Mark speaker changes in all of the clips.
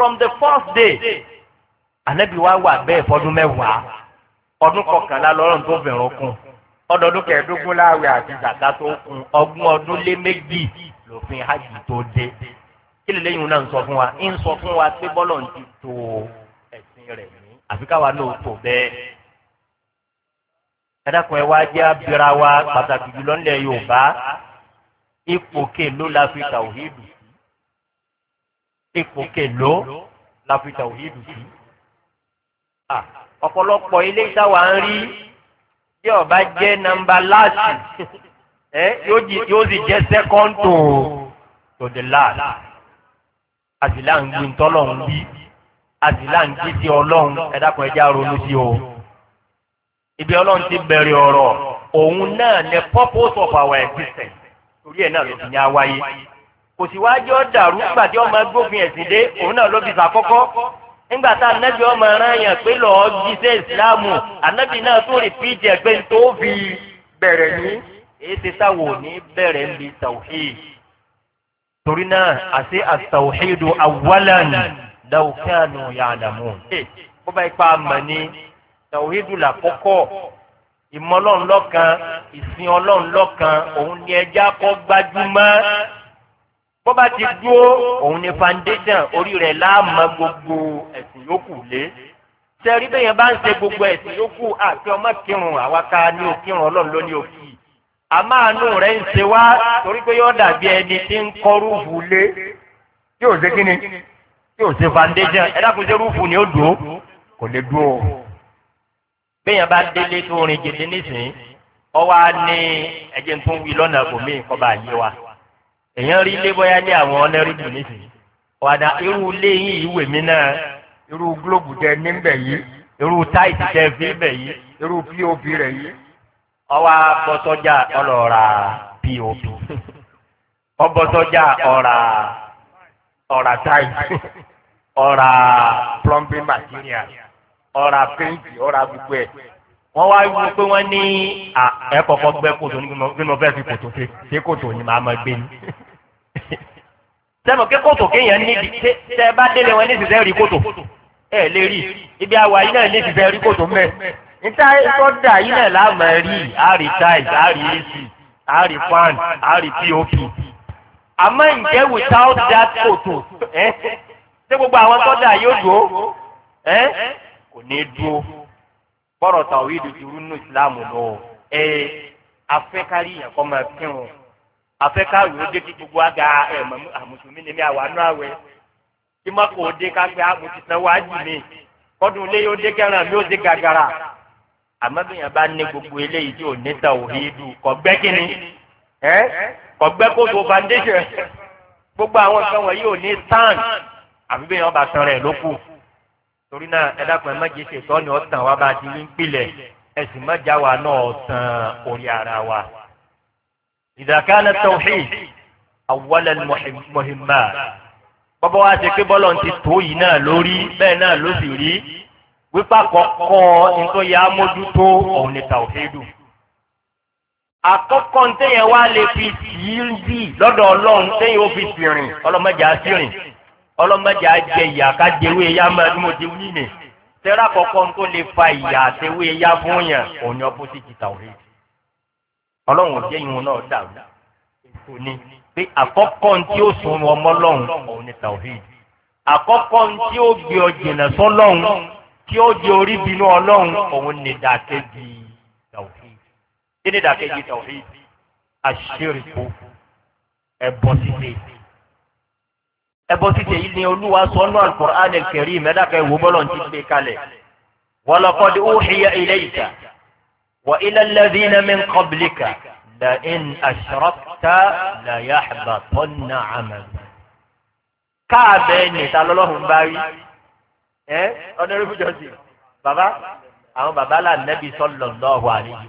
Speaker 1: from the first day anabi wa wà bẹ́ẹ̀ fọdún mẹ́wàá ọdún kọkànlá lọ́rùn tó bẹ̀rù kún ọdọọdún kẹẹ̀ẹ́dógún láàrin àti zaka tó kún ọgbọ́n ọdún lé méjì lòfin hajj tó dé kí lè lẹ́yìn náà ń sọ fún wa ń sọ fún wa pé bọ́lọ̀ ń ti tó ẹ̀sìn rẹ̀ ní àfi káwa náà tó bẹ́ẹ̀ ẹ̀dàkùn ẹ̀ wá jẹ́ abira wa pàtàkì jùlọ ńlẹ̀ yorùbá ipò kèló la fi tàwíìdù ipò kèló la fi tàwíìdù sí. ọ̀pọ̀lọpọ̀ ilé ìtawà ń rí bí ọba jẹ́ nọmba láàsì yóò sì jẹ́ sẹ́kọ́ńtò to the last. àzìlá ń gbin tọ́lọ̀ ń bí àzìlá ń jí sí ọlọ́run ẹ̀dàkùn ẹja ronú sí o. ibi ọlọ́run ti bẹ̀rẹ̀ ọ̀rọ̀ òun náà ni purpose of our existence torí ẹ̀ náà ló fi ní a wáyé kò sì wá jọ dàrú nígbà tí ọmọ gbófin ẹ̀sìn dé òun náà ló fi sàkọ́kọ́ nígbà tá anabi ọmọ ẹran yẹn pé lọ́ọ́ jíṣẹ́ ìsìláàmù anabi náà tún rí píjì ẹgbẹ́ tó fi bẹ̀rẹ̀ ní ètè táwọn ò ní bẹ̀rẹ̀ ń bi tàwíì torí náà àti àtàwíìdù awwalan law kanu ya'lamun. bó bá ipa àmọ́ ni tàwíìdù làkọ́kọ́ ìmọ̀ ọlọ́run lọ́kan ìsìn ọlọ́run lọ́kan òun ni ẹja kọ́ gbajúmọ́ bó bá ti dúró òun ni foundation orí rẹ̀ láàmú gbogbo ẹ̀sìn yòókù lé sẹ́rí bẹ́yẹn bá ń ṣe gbogbo ẹ̀sìn yòókù àti ọmọ kírun àwa ká ní òkírun ọlọ́run ló ní òkì àmọ́ àánú rẹ̀ ń ṣe wá torí pé yóò dàbí ẹni tí ń kọ́ rúfù lé tí ò ṣe kí ni
Speaker 2: tí ò ṣe foundation ẹ dákun ṣe rúfù ni ó dùn ó kò lè dùn ó
Speaker 1: bẹ́yẹn bá délé tó rin jìnnì nísìnyí ọwọ́ á ní ẹ̀jẹ̀ tó ń wí lọ́nà èèyàn rí ilé bóyá ní àwọn ọlẹ́rìndì nísìnyí wàdà irú ilé yìí ìwé mi náà irú gílóòbù tẹ níbẹ̀ yìí irú táìtì tẹ fi bẹ̀ yìí irú pop rẹ̀ yìí ọwọ́ abọ́sọ́jà ọlọ́ra pop ọbọ́sọ́jà ọ̀ra ọ̀ra táìtì ọ̀ra plumbing material gbogbo ẹ̀ wọ́n wá wí pé wọ́n ní gbẹ́ kòtò fi kòtò ṣe kòtò màá gbé ni. sẹ́mi pé kóòtù kéèyàn níbi tẹ́ ẹ bá délé wọn nísìsẹ́ rí kóòtù ẹ lè rí ibi àwa yìí náà nísìsẹ́ rí kóòtù mẹ́ níta sọ́dà yìí náà láàmú rí àárí táìsì àárí ac àárí fan àárí pop àmọ́ ǹjẹ́ without that kóòtù ẹ ṣé gbogbo àwọn sọ́dà yóò dúró ẹ kò ní dúró bọ́rọ̀ tàwí dùdú nínú ìsìlámù lọ ẹ afẹ́kárí yẹn kọ́ máa kírun afẹ́káwé ó dé kí gbogbo àga ẹ̀ mọ̀ ah, ni mi àwa nú àwẹ̀ kí mọ́kò ó dé kápẹ́ àmùsùlùmí ah, wá jì mí kọ́dún ilé yóò dé kẹràn mi ó dé gàgàrà àmọ́ bí yẹn bá ní gbogbo eléyìí tí ò ní tà ò rí du kọ̀gbẹ́ kínní ẹ́ kọ̀gbẹ́ kóso foundation gbogbo àwọn nǹkan wọ̀nyí ò ní tán àbí bí yẹn bá san rẹ̀ ló kù torí náà ẹ dákun ẹ má jẹ ṣètọ́ ni ọ̀tàn wa bá ti ń pilẹ̀ ẹ sì má já wa náà ọ̀tàn orí ara wa. إذا كان التوحيد أول المهمات bọ́bá wa ṣe pé bọ́lọ̀ ti tó yìí náà lórí bẹ́ẹ̀ náà ló sì rí wípé àkọ́kọ́ nítorí yà á mójútó òun ni tàwọ́fẹ́dù. àkọ́kọ́ ntẹ́yẹ wa lè fi síìlì lọ́dọ̀ ọlọ́run ntẹ́yẹ ó fi sìrìn ọlọ́mọdé á sìrìn ọlọ́mọdé á jẹ ìyá ká jẹwé ya máa ní mo ti wí nì. sẹ́rà àkọ́kọ́ tó lè fa ìyá àtẹwé ya fún yàn òun ni ọ ọlọ́run ò jẹ́ ìwọn náà dàrú ètò ni pé àkọ́kọ́ ní tí ó sun ọmọ lọ́hùn òun ni tàwíìd àkọ́kọ́ ní tí ó gbé ọ jìnà sọ́lọ́hùn tí ó di orí bínú ọlọ́hùn òun ni dàkejì tàwíìd kí ni dàkejì tàwíìd àṣírìkò ẹ̀bọ títẹ̀ ẹ̀bọ títẹ̀ yìí ni olúwa sọ́nù alukur'an kẹrì mẹ́dàkẹ́ ìwọ́bọ́lọ́ ti gbé kalẹ̀ wọ́lọ́kọ́ di ó hìyà ilé ìta. وإلى الذين من قبلك لئن أشركت ليحبطن عملك káàbẹ ní ìta lọ́lọ́run bá rí ẹ ọdọọdún jọsí bàbá àwọn bàbá là nẹbi sọlọ lọhù àríyí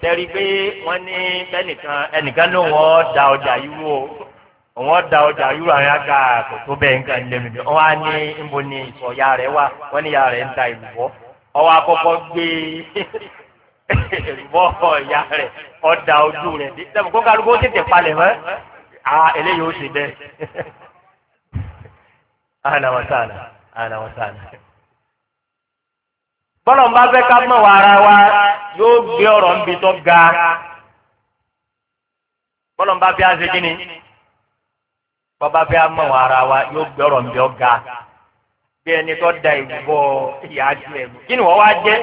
Speaker 1: tẹrí pé wọn ní ẹnìkan ẹnìkan ní wọn da ọjà yúrò wọn da ọjà yúrò àwọn àga kò tó bẹ́ẹ̀ nǹkan lẹ́nu ni wọn á ní níbo ni ìsọ̀ya rẹ wà wọn ní ìyá rẹ ń ta ìlú ọwọ́ akọ́kọ́ gbé bọ́ ọ̀ya rẹ̀ ọ̀dà ojú rẹ̀ dẹ́mu kó kálukú ó tètè palẹ̀ mọ́ a eléyìí ó ṣe bẹ́ẹ̀ ana wa sana ana wa sana. bọ́lọ̀ ń bá fẹ́ ká mọ̀ wá ara wa yóò gbé ọ̀rọ̀ ń bi tó ga bọ́lọ̀ ń bá fẹ́ á ṣe kí ni bọ́ bá fẹ́ á mọ̀ wá wa yóò gbé ọ̀rọ̀ ń bi ó ga bí ẹni tó da ìbọ ìyá ju ẹ̀mú kí ni wọ́n wá jẹ́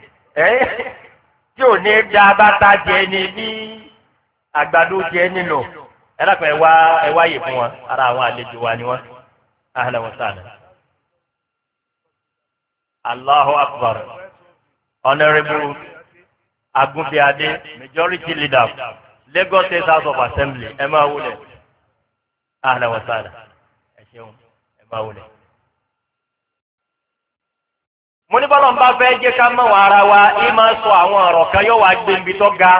Speaker 1: tí ò ní da bàtà jẹ ni bí àgbàdo jẹ nínú ẹ lápẹ̀ wá ẹ wá yè fún wọn ara àwọn àlejò wa ni wọn ahàlẹ̀ wọn sàn.
Speaker 2: Allahu akbar
Speaker 1: honourable agunfiade majority leader Lagos State House of Assembly ẹ máa wúlẹ̀ ahàlẹ̀ wọn sàn ẹ ṣeun. Baule
Speaker 2: mo ní bọ́lọ̀ ń bá fẹ́ jẹ́ ká mọ̀ wọ́n ara wa yìí máa sọ àwọn ọ̀rọ̀ kan yóò wá gbé ibi tó ga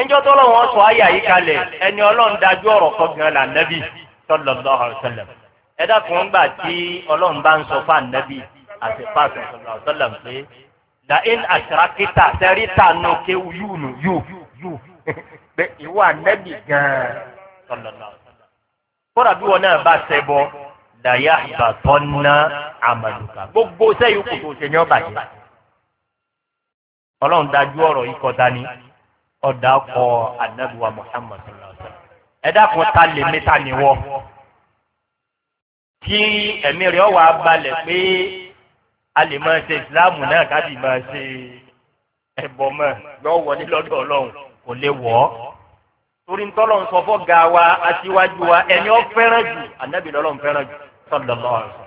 Speaker 1: ẹjọ́ tó lọ́wọ́ sọ ayà yìí kalẹ̀ ẹni ọlọ́run dájú ọ̀rọ̀ kan gan la nẹ́bí sallallahu alaihi wasallam ẹ dákun gbà tí ọlọ́run bá ń sọ fún ànẹ́bí àti fáṣọ sallallahu alaihi pé la in àṣàkítà sẹ́ríta nù ké yúùnù yù yù pé ìwọ ànẹ́bí gan sallallahu alaihi wasallam kódà bí wọn náà láyé àgbàtọ́ ná àmàlùkà gbogbo sẹ́yìn kò tó ṣe ní ọ̀bà jẹ́. ọlọ́run dájú ọ̀rọ̀ yìí kọ́ dání ọ̀dà kọ anábìwá muhammad ẹ dákun ta lè mẹ́ta ni wọ́. kí ẹ̀mí rẹ̀ ọ̀ wá balẹ̀ pé a lè máa ṣe ìsìláàmù náà ká sì máa ṣe ẹ̀bọ̀ mọ́ lọ́wọ́ ní lọ́dọ̀ ọlọ́run kò lè wọ́ torí ntọ́lọ́ ń sọ fọ́ ga wa aṣíwájú wa ẹni ọ fẹ́ràn jù ànábì lọ́lọ́ ń jù sọlọlọ ọsàn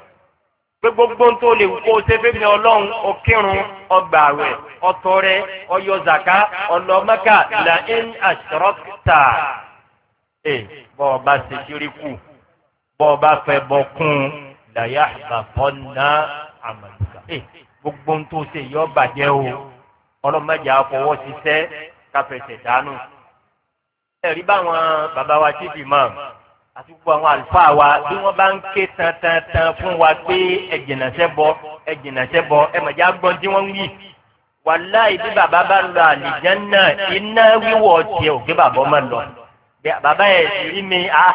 Speaker 1: pé gbogbo ń tó lè kó o ṣe fẹ́mi ọlọ́run ọkírun ọgbàwẹ̀ ọtọrẹ ọyọzàká ọlọmọkà là ń àṣọrọkítà ẹ bọọba ṣe ṣíríkù bọọba fẹ bọ kún un làyà àbàfọ́nà àmàlùkà ẹ gbogbo ń tó ṣe yọ bàjẹ́ o ọlọ́mọdé àfọwọ́ ṣiṣẹ́ káfẹsẹ̀ dánù ẹ̀rí báwọn bàbá wa ti dì máa àti gbogbo àwọn àlùfáà wa bí wọ́n bá ń ké tantantan fún wa pé ẹ̀jìnàṣẹ́ bọ ẹ̀jìnàṣẹ́ bọ ẹ̀mọ̀já gbọ́n tí wọ́n ń wí. wàláì bí bàbá bá lọ àlìjánná iná wíwọ̀ tiẹ̀ ò gbé bàbá ọmọ lọ. bàbá ẹ̀ sì rí mi a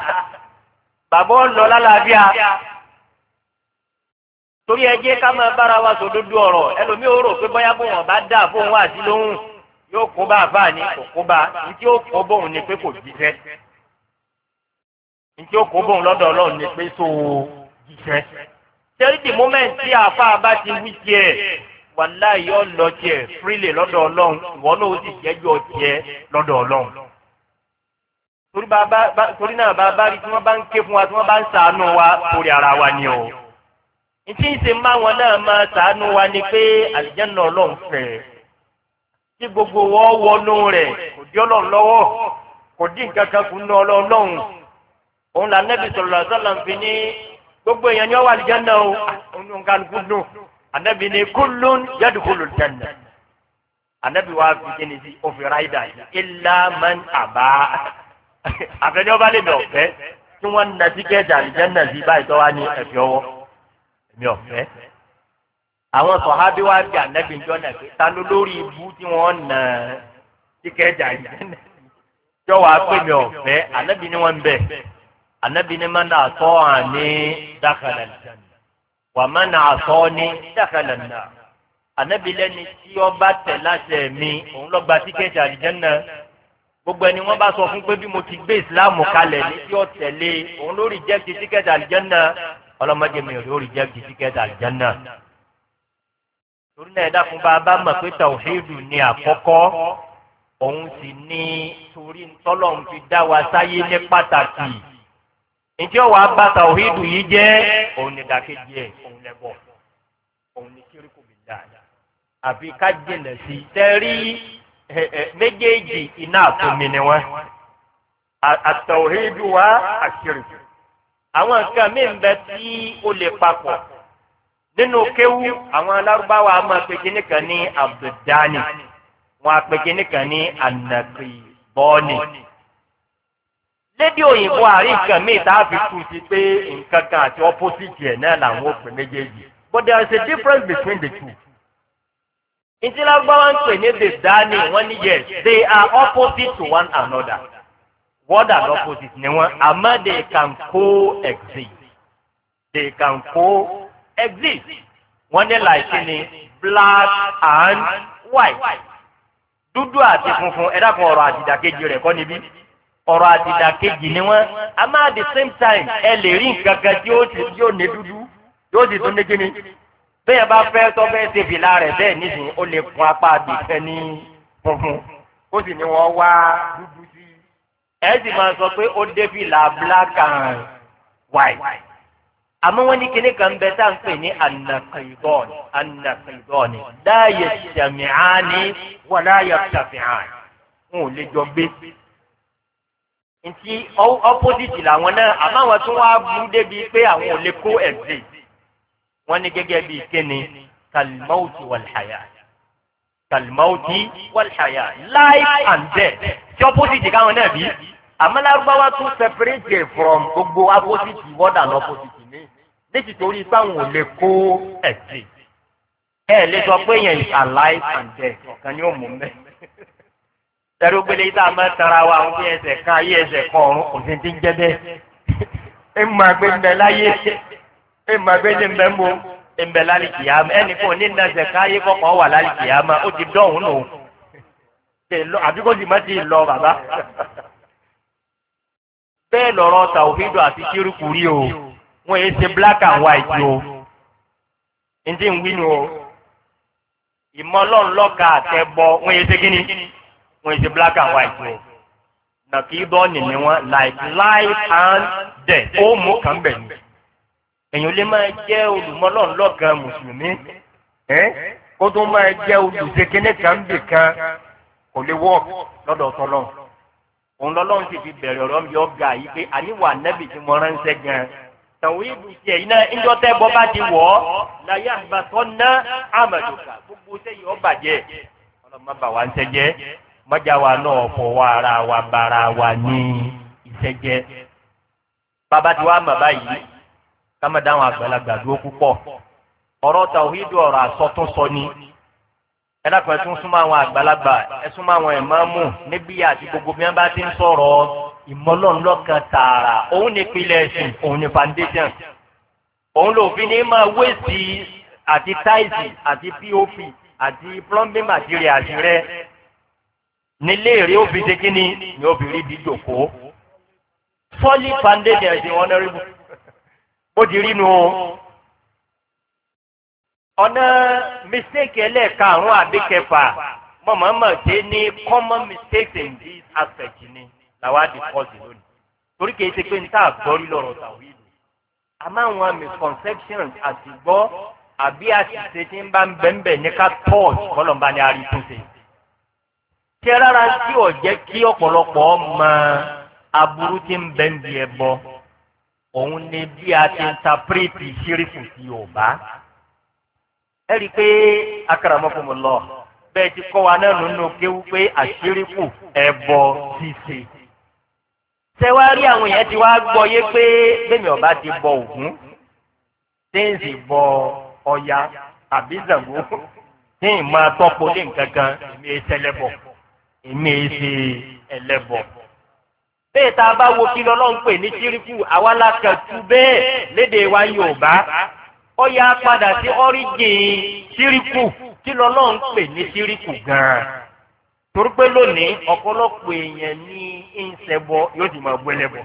Speaker 1: bàbá lọ lálàáfíà. torí ẹ jẹ́ ká máa bára wa sòdodo ọ̀rọ̀ ẹlòmíì ó rò pé bóyá bó wọn bá dà fóun àti lóhùn yóò kó bá àbá ní kò kó bá ní tí ó kó bóun ni pé kò jíṣẹ́ njẹ́ o kò bóun lọ́dọ̀ ọlọ́run ni pé tó o jíṣẹ́. torí the moment tí àáfàá ti wí tiẹ̀ wàhálà yóò lọ tiẹ̀ freely lọ́dọ̀ ọlọ́run ìwọ náà ó sì jẹ́jọ́ tiẹ̀ lọ́dọ̀ ọlọ́run. torí náà bàbá rí tí wọ́n bá ń ké fún wa tí wọ́n bá ń sàánú wa torí ara wa ni o. ntí ń ṣe máa wọn náà máa sàánú wa ni pé àlìjẹ́nà ọlọ́run fẹ̀ tí gbogbo wọ́n wọnú rẹ̀ kò dí ọlọ́run lọ́wọ́ kò dín kankan kù ń lọ ọlọ́run òun là nẹ́bí sọ̀rọ̀ sọ̀rọ̀ ń fi ní gbogbo èèyàn ni ó wà àlùjánnà o òun kálukú dùn ànẹ́bí ni kullun yadkhulul janna ànẹ́bí wa fi kíni sí òfin ráìdà yìí illa man àbá àfẹnjọ́ bá lè mi ọ̀fẹ́ tí wọ́n na tíkẹ́ẹ̀tì àlùjánnà sí báyìí tó wá ní ẹ̀fẹ́ mi ọ̀fẹ́ àwọn sọ̀hábí wa bí ànẹ́bí jọ náà pé ta lórí ibú tí wọ́n na tíkẹ́ẹ̀tì àlùjánnà jọ wàá pè mí ọ̀fẹ́ ànẹ́bí ni wọ́n ń anabi ni mana atọ́ àní dákàlẹ̀ wà mana atọ́ ní dákàlẹ̀ náà anabi lẹ́ni tí ọba tẹ̀ láṣẹ mi òun lọ gba tíkẹ́ẹ̀tì àlìjẹ́nà gbogbo ẹni wọn bá sọ fún pé bí mo ti gbé ìsìláàmù kalẹ̀ ní tí ó tẹ̀lé òun ló rìjẹ́kì tíkẹ́ẹ̀tì àlìjẹ́nà ọlọ́mọdé mi ò ló rìjẹ́kì tíkẹ́ẹ̀tì àlìjẹ́nà torí fún bàbá mọ̀ pé tàwíìdù ni àkọ́kọ́ òun sì ní torí ntọ́lọ́run dá wa sáyé ní pàtàkì ǹjẹ́ wàá bá tàwíìdù yìí jẹ́ òun ni dàkejì ẹ̀ òun lẹ́bọ̀ òun ni kíríkù bí dáadáa àfi ká jìnà sí tẹ́rí méjèèjì iná àtòmí ni wọ́n àtàwíìdù wa àkíríkù àwọn nǹkan mí ń bẹ tí ó lè papọ̀ nínú kéwú àwọn alárúbáwá máa pe kíní kan ní abdulhani wọn á pe kíní kan ní anakibọ́ọ̀nì lédè òyìnbó àárín nǹkan míì fi tu sí pé nǹkan kan àti opposite ẹ̀ náà làwọn òpè méjèèjì but there is a difference between the two. ìtìlágbára ń pè ní the dani wọ́n ní yes they are opposite to one another word and opposite ni wọ́n àmọ́ they can co-exist they can co-exist wọ́n ní like ni black and white dúdú àti funfun ẹ̀dá kan ọ̀rọ̀ àdìdàkejì rẹ̀ kọ́ níbí ọ̀rọ̀ àdìdà kejì ni wọ́n àmọ́ at the same time ẹ lè rí nǹkan kan tí yóò ní dúdú yóò sì tún ní kíni bẹ́ẹ̀ bá fẹ́ tọ́ fẹ́ ṣe fìlà rẹ̀ bẹ́ẹ̀ nísìnyí ó lè kun apá àbìfẹ́ ní funfun ó sì ní wọ́n wá dúdú sí ẹ sì máa sọ pé ó dé fìlà black and white àmọ́ wọ́n ní kíní kan bẹ tá à ń pè ní anakidọ́ọ̀nì anakidọ́ọ̀nì láàyè sẹ̀mìhánì wọ́n láàyè sàfihàn wọn ò lè jọ gbé nti opposite làwọn náà àmọ́ àwọn tó wá burú débi pé àwọn ò lè kó ẹ̀sìn wọ́n ní gẹ́gẹ́ bíi kíni kalimauti walhaya kalimauti walhaya life and death tí opposite káwọn náà bí àmọ́ lárúbáwá tún separate from gbogbo opposite wọ́dà lọ opposite ní létí torí sáwọn ò lè kó ẹ̀sìn ẹ̀ lè sọ pé yẹn is alive and death ọ̀kan ni ó mú mẹ́rin tẹ̀rù gbélé tá a máa tara wa àwọn bí ẹsẹ̀ ká ayé ẹsẹ̀ kọ ọ̀run kò sí ti ń jẹ́ bẹ́ẹ̀. ẹ máa gbé ń bẹ láyé ẹ máa gbé ń bẹ mú ń bẹ lálẹ́ kìá ẹnì kan ní ìdánsẹ̀ ká ayé kọ̀ọ̀kan wà lálẹ́ kìá ó ti dọ̀hún nù. àbí kò sì má ti lọ bàbá. bẹ́ẹ̀ lọ̀rọ̀ tàwíìdù àti kírukù rí o wọ́n yé ṣe black and white o. ǹjẹ́ ń wí nu o ìmọ̀ ọlọ́run lọ́ka àtẹ̀bọ wọn ṣe black and white o nàkìdọ́ọ̀nì ni wọn like life and death ó mú kàn bẹ̀ ni èyàn lè máa jẹ́ olùmọ́lọ́ọ̀lọ́kan mùsùlùmí kó tó máa jẹ́ olùdókèké kan bì kan kò lè wọ́ọ̀kì lọ́dọ̀ tọ́lọ́ òun lọ́lọ́run ti fi bẹ̀rẹ̀ ọ̀rọ̀ mi ọ̀gá yìí pé àníwà nẹ́bì tí mo ránṣẹ́ gan-an tàwọn ìlú tiẹ̀ iná ńjọ́ tẹ́ bọ́ bá ti wọ̀ ọ́ láyé àgbàtọ́ ná àmàlùkà gbogbo sẹ́yìn ọ̀bàjẹ́ ọlọ́mọba wa ń sẹ́jẹ́ mọ́jà wa náà fọwọ́ ara wa bara wa ní ìṣẹ́jẹ́ bàbá tí wàá mọ̀ báyìí ká má dáhùn àgbàlagbà dúró púpọ̀ ọ̀rọ̀ tàwíìdù ọ̀rọ̀ àsọtúnsọ ni ẹlẹ́kùn ẹ̀tún súnmọ́ àwọn àgbàlagbà ẹ̀súnmọ́ àwọn ìmáàmù níbí àti gbogbo bí wọ́n bá ti ń sọ̀rọ̀ ìmọ̀lọ́nlọ́kan tààrà òun ní ìpìlẹ̀ ẹ̀sìn òun ní foundation òun lòfin ní máa wéèsì àti táìsì àti pop àti plumbing material rẹ nílé èrè ó fi ṣe kí ni
Speaker 2: ni ó fi rí bí jòkó
Speaker 1: solid foundation ẹ̀sìn wọn náà rí bu
Speaker 2: ó ti rí nu o.
Speaker 1: ọ̀nà mistake ẹlẹ́ẹ̀karùn-ún àbí kẹfà mọ̀mọ́mọ́ ṣe ní common mistakes in this aspect ni làwọn á discuss lónìí
Speaker 2: torí kìí ṣe pé n tá àgbọ́rí lọ́rọ̀
Speaker 1: tàwí lò àmọ́ àwọn misconceptions àtìgbọ́ àbí àṣìṣe tí ń bá ń bẹ̀ńbẹ̀ ní ká pause kọ́lọ̀ ń bá ní arí tó ṣe ṣe rárá tí ò jẹ́ kí ọ̀pọ̀lọpọ̀ mọ aburú tí ń bẹ ń di ẹ bọ òun ni bí a ti ń tapiriti ṣírífù sí yorùbá ẹ rí i pé akaramọ́kùnmọ́ lọ bẹ́ẹ̀ ti kọ́ wa náà nínú kéwú pé àṣírífù ẹ̀bọ ṣíṣe tẹwárí àwọn yẹn ti wá gbọ́ yé pé bẹ́ẹ̀ni ọba ti bọ ògún tíǹsì bọ ọya àbí zàngó tíǹ máa tọ́pọ̀ lé nǹkan kan ní ìṣẹ̀lẹ̀ bọ̀. èmi èyí e ẹlẹ́bọ̀. bẹ́ẹ̀ tá a bá wo kí lọ́lọ́run pè ní ṣíríkù àwa la kàn bẹ́ẹ̀ léde wa yorùbá ó yá padà sí ọ́rígìn ṣíríkù kí lọ́lọ́run pè ní ṣíríkù gan-an. torí pé lónìí ọ̀pọ̀lọpọ̀ èèyàn ní ìṣẹ̀bọ yóò sì máa bú ẹlẹ́bọ.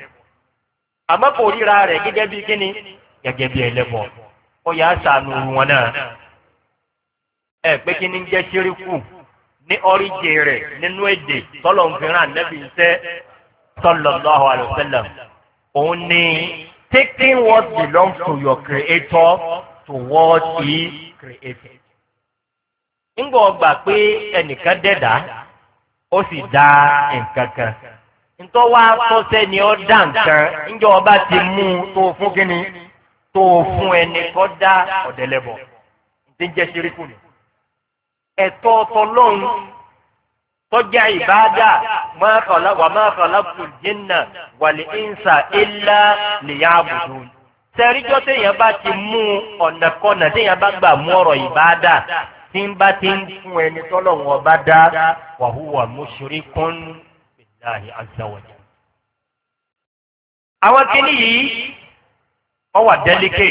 Speaker 1: àmọ́ kò ríra rẹ̀ gẹ́gẹ́ bí kíni gẹ́gẹ́ bí ó ní ọ́ríjì rẹ̀ nínú èdè tọ́lọ̀ ń fi nẹ́bí iṣẹ́ sallallahu alayhi wa òun ni taking what belong to your creator to what he created. ńgbọ́ gbà pé ẹnìkan dẹ̀dá ó sì dá nǹkan kan ntọ́ wa tọ́sẹ́ ni ọ́ dá nǹkan ńjọ́ ọba ti mú un tó fún kínní tó fún ẹnì kọ́ dá ọ̀dẹ́lẹ́bọ̀ ntí ń jẹ́ ṣírí kù nìyí ẹ̀tọ́ ọtọlọ́run tọ́jà ìbáadà wà máa kọ̀lákù jìnnà wàlẹ̀ ìnsà ìlà lèyà àbùdù. sẹ́ríjọ́ téèyàn bá ti mú ọ̀nà kọ́nà téèyàn bá gbà mú ọ̀rọ̀ ìbáadà tí ń bá ti ń fún ẹni tọ́lọ́run ọba dá wàhùwà mushrikun billahi azza wa àwọn kìnnìyí ọwà dẹ́líkè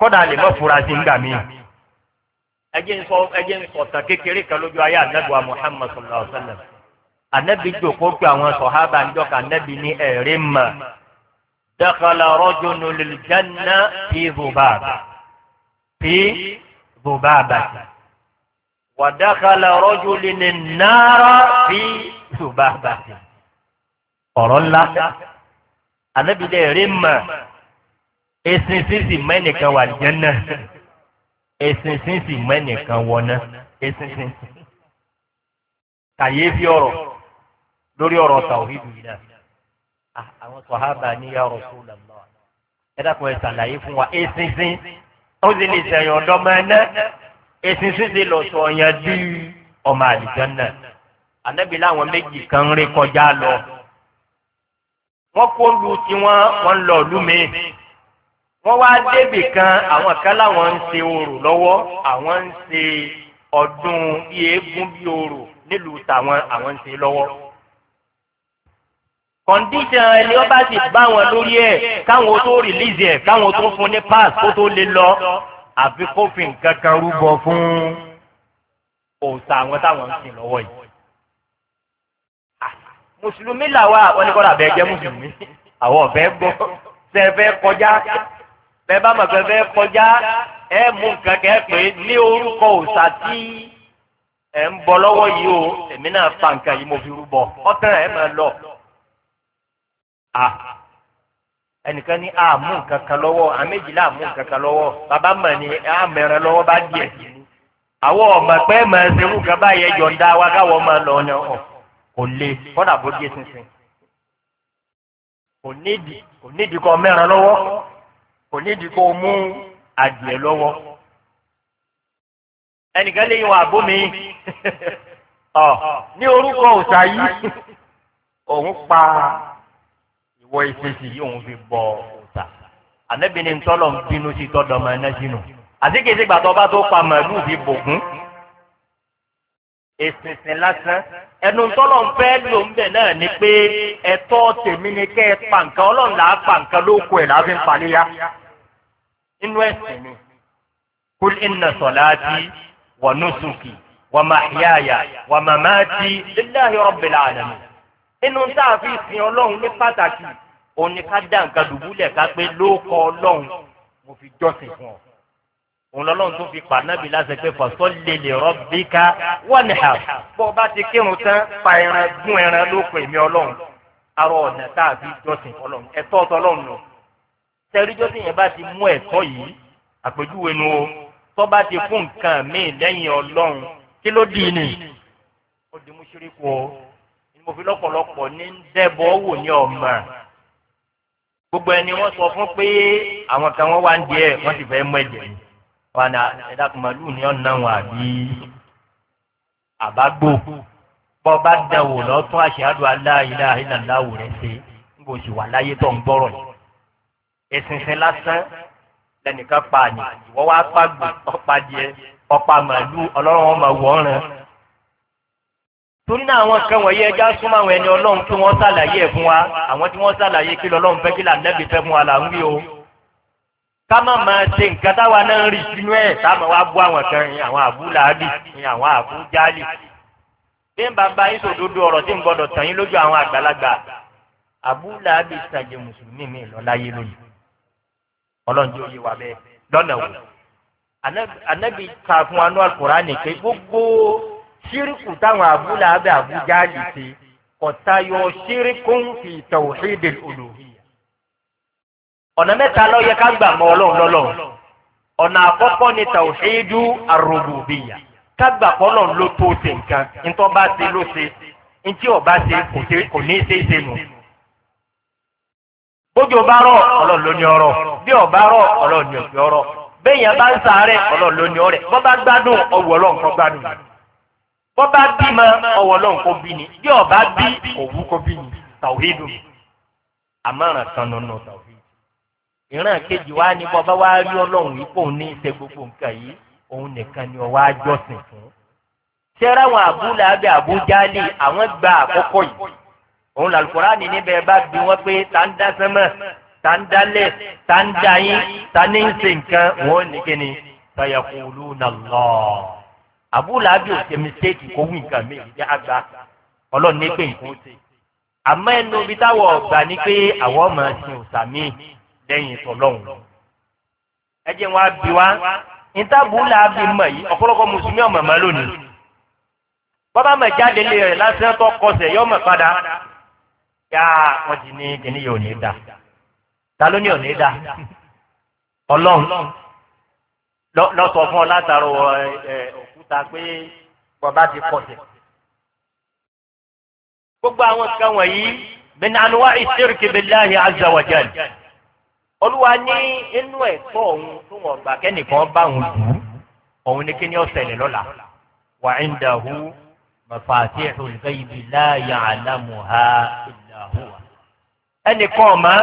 Speaker 1: kọ́dà lè mọ́ fura sí ń gbà míì ẹjẹ ń sọ ẹjẹ ń sọ tàn kékeré kan lójú ayé anabi wa muhammad sallallahu alaihi wa sallam anabi jòkó pé àwọn sọhábà ń jọ ka anabi ní ẹ̀rí mà dakala rọjò nulil janna fi bubaba fi bubaba wa dakala rọjò lili nara fi bubaba ọ̀rọ̀ ńlá anabi dẹ̀ ẹ̀rí mà esin sisi mẹ́nìkan wà janna esinsin sì mẹ́nìkan wọná esinsin kàyéfì ọ̀rọ̀ lórí ọ̀rọ̀ tàwíìdù yìí náà ah, àwọn sọ̀hábà níyà ọ̀rọ̀ tó lọ mọ́ ẹ dákun ẹ ṣàlàyé fún wa esinsin ó sì lè sẹ̀yìn ọ̀dọ́ máa ná esinsin sì lọ sọ ọ̀yàn dí ọmọ àlìjọ́n náà ànábì láwọn méjì kan rí kọjá lọ wọ́n kó lu tiwọn wọ́n lọ lú mi wọ́n wá débì kan àwọn kan láwọn ń ṣe orò lọ́wọ́ àwọn ń ṣe ọdún eégún bí orò nílùú tàwọn àwọn ń ṣe lọ́wọ́. kọ̀ǹdíṣàn ẹni ọba sì bá wọn lórí ẹ̀ káwọn tó rìlíìsì ẹ̀ káwọn tó fún ní pass kó tó lè lọ àfi kófin kankan rúbọ fún òòsà àwọn táwọn ń sìn lọ́wọ́ yìí. Ah, mùsùlùmí làwa wọn ní kọ́ làbẹ́ mùsùlùmí àwọn ọ̀bẹ gbọ́ sẹ́fẹ́ kọjá bẹ́ẹ̀ bá màgbẹ́ fẹ́ kọjá ẹ mú nǹkan kẹ́ pé ní orúkọ òòṣà tí ẹ ń bọ lọ́wọ́ yìí o èmi náà fa nǹkan yìí mo fi rúbọ ọ̀tán ẹ máa lọ. ẹnìkan ní a mú nǹkan kan lọ́wọ́ àméjìlá mú nǹkan kan lọ́wọ́ bàbá mọ̀ ní a mẹ́rin lọ́wọ́ bá díẹ̀ àwọn ọmọ pẹ́ mọ̀ ẹ́ sẹ́wọ́n kan báyẹn yọ̀ǹda wa káwọn máa lọ ọ̀nà kò le kọ́dà bó díẹ̀ sínsìn. kò nídìí kò nídìí kọ́ mẹ́rin lọ́wọ́ kò nídìí kó o mú adìẹ lọ́wọ́ ẹnìkan lè yan àbó mi ọ ní orúkọ òòsà yìí òun pa ìwọ ìfèsì yìí òun fi bọ òòsà ànábìíní ntọ́lọ̀ ń bínú sí tọ́dọ̀ ọmọ ẹ̀ náà sínú àti kìí ṣe gbàtọ́ bá tó pa màálù fi bògún èsìsìn lásán ẹnu tọ́lọ̀ ń fẹ́ lò ń bẹ̀ náà ni pé ẹ̀tọ́ tèmi ni kẹ́ ẹ pa nǹkan ọlọ́run là á pa nǹkan lóko ẹ̀ láfi ń paléyà inú ẹ̀sìn ni kúl iná sọ̀láàtì wà nùsùkì wà màhíyàyà wà màmáàtì lílàhí ọ̀bìlà àdàmì inú tá a fi sin ọlọ́run ní pàtàkì òun ni ká dá nǹkan dùbúlẹ̀ ká pé lóko ọlọ́run mo fi jọ́sìn fún ọ òun lọ́lọ́run tó fi pànábì láti pé fọ̀sọ́ lè lè rọ́bì ká wọ́n ní hà bó o bá ti kírun tán pa ẹran gún ẹran lóko èmi ọlọ́run arọ ọ̀nà tá a fi jọ́sìn ọlọ́run ẹ̀tọ́ ọ̀tọ́ ọlọ́run nù. sẹ́rí jọ́sìn yẹn bá ti mú ẹ̀tọ́ yìí
Speaker 2: àpèjúwe nu o
Speaker 1: tó bá ti fún nǹkan míì lẹ́yìn ọlọ́run kí ló dì í nì. ó di mú ṣíríkù o ni mo fi lọ́pọ̀lọpọ̀ ní dẹ́bọ̀ wò ní wọn ẹ̀dá kan màálù ni ọ̀ náà wọn àbí àbágbò bọ́ bá dẹ̀wò lọ́tún àṣehàdù aláìlá ìlàláwò rẹ̀ ṣe ń bò sì wà láyé tó ń gbọ́rọ̀ yìí ẹ̀sìnsìn lásán lẹ́nìkan pa àyè ìwọ́ wá pàgbò ọ̀pá díẹ̀ ọ̀pá màálù ọlọ́run ọmọ wọ́ọ̀ràn torí náà àwọn kan wọ̀nyí ẹja súnmọ́ àwọn ẹni ọlọ́run tí wọ́n sàlàyé ẹ̀ fún wa àwọn tí wọ́n sàlàyé kí lọ́lọ́run fẹ́ kí ká má máa ṣe nǹkan táwa náà ń rí sínú ẹ̀ táwọn wá bú àwọn kan ní àwọn àbúláàbì ní àwọn àbújálì. bí n bàbá yín sòdodo ọ̀rọ̀ tí n gbọ́dọ̀ tàn yín lójú àwọn àgbàlagbà àbúláàbì sàjẹ mùsùlùmí mi lọ́láyé lónìí ọlọ́run yé wa bẹ́ẹ̀ lọ́nà wò anabi ka fún wa nú alukóra nìkan gbogbo síríkù táwọn àbúláàbì àbújálì ṣe kọ̀tayọ̀ síríkù fi tàwùhídìl olùhí ọ̀nà mẹ́ta lọ yẹ ká gbà mọ́ ọlọ́run lọ́lọ́run ọ̀nà àkọ́kọ́ ni tàwùsídú àròbùbìyà ká gbà pọ́ ọlọ́run ló tó ṣe nǹkan ntọ́ bá ọba ṣe kò ní ṣe ṣe nù. bójú ọba rọ ọlọ́run ló ní ọrọ̀ bí ọba rọ ọlọ́run ní òfin ọrọ̀ bẹ́ẹ̀yàn bá ń ọlọ́run ló ní bọ́ bá gbádùn ọwọ́ ọlọ́run kọ́ gbádùn ìran kejì wa ni bọ́ bá wá rí ọlọ́run yìí kò ní ṣe gbogbo nǹkan yìí òun nìkan ni ọwọ́ àjọsìn fún. ṣẹ́ra àwọn àbúlé abẹ́ àbújáde àwọn gba àkọ́kọ́ yìí òun làlùkọ́rá ni níbẹ̀ bá bí wọ́n pé tá ń dá sẹ́mọ̀ tá ń dálẹ̀ tá ń dá yín tá ní ń ṣe nǹkan wọ́n ní kíni sọ̀yẹ̀kùlù nàlọ́. àbúlé abẹ́ òṣè mistake kò wí nǹkan mi ìdí àgbà ọlọ́run ní pé nǹkan ó àmọ́ ẹnu ibi táwọn ọ̀gbà ni pé àwọn ọmọ ẹ̀sìn òṣà lẹ́yìn tọ́lọ́hún. ẹ jẹ́ wọn wá bí wa ìtàbù làbí mọ̀ yìí ọ̀pọ̀lọpọ̀ mùsùlùmí ọ̀mọ̀ mọ́ lónìí. bọ́bá mọ̀ jáde lé rẹ̀ lásán tó kọsẹ̀ yọ mọ̀ padà yá wọ́n ti ní kíní yóò ní da ta ló ní ò ní da ọlọ́run lọ́sọ̀ fún ọ látàrọ òkúta pé bọ́bá ti kọsẹ̀.
Speaker 2: gbogbo àwọn kan wọ̀nyí bẹ́ẹ̀ ni anuwa ìṣirkì bẹ́ẹ̀ láàyè olúwa ní
Speaker 1: inú ẹ̀kọ́ òun tó wọ́n gbà kẹ́nìkan bá òun dùn òun ní kíni ọ̀sẹ̀lẹ̀ lọ́la wà ń dàhú mọ̀fàtí ẹ̀hùnfẹ́ ibi láàyè àlámù ha ìlàhù.
Speaker 2: ẹnìkan ọ̀mọ́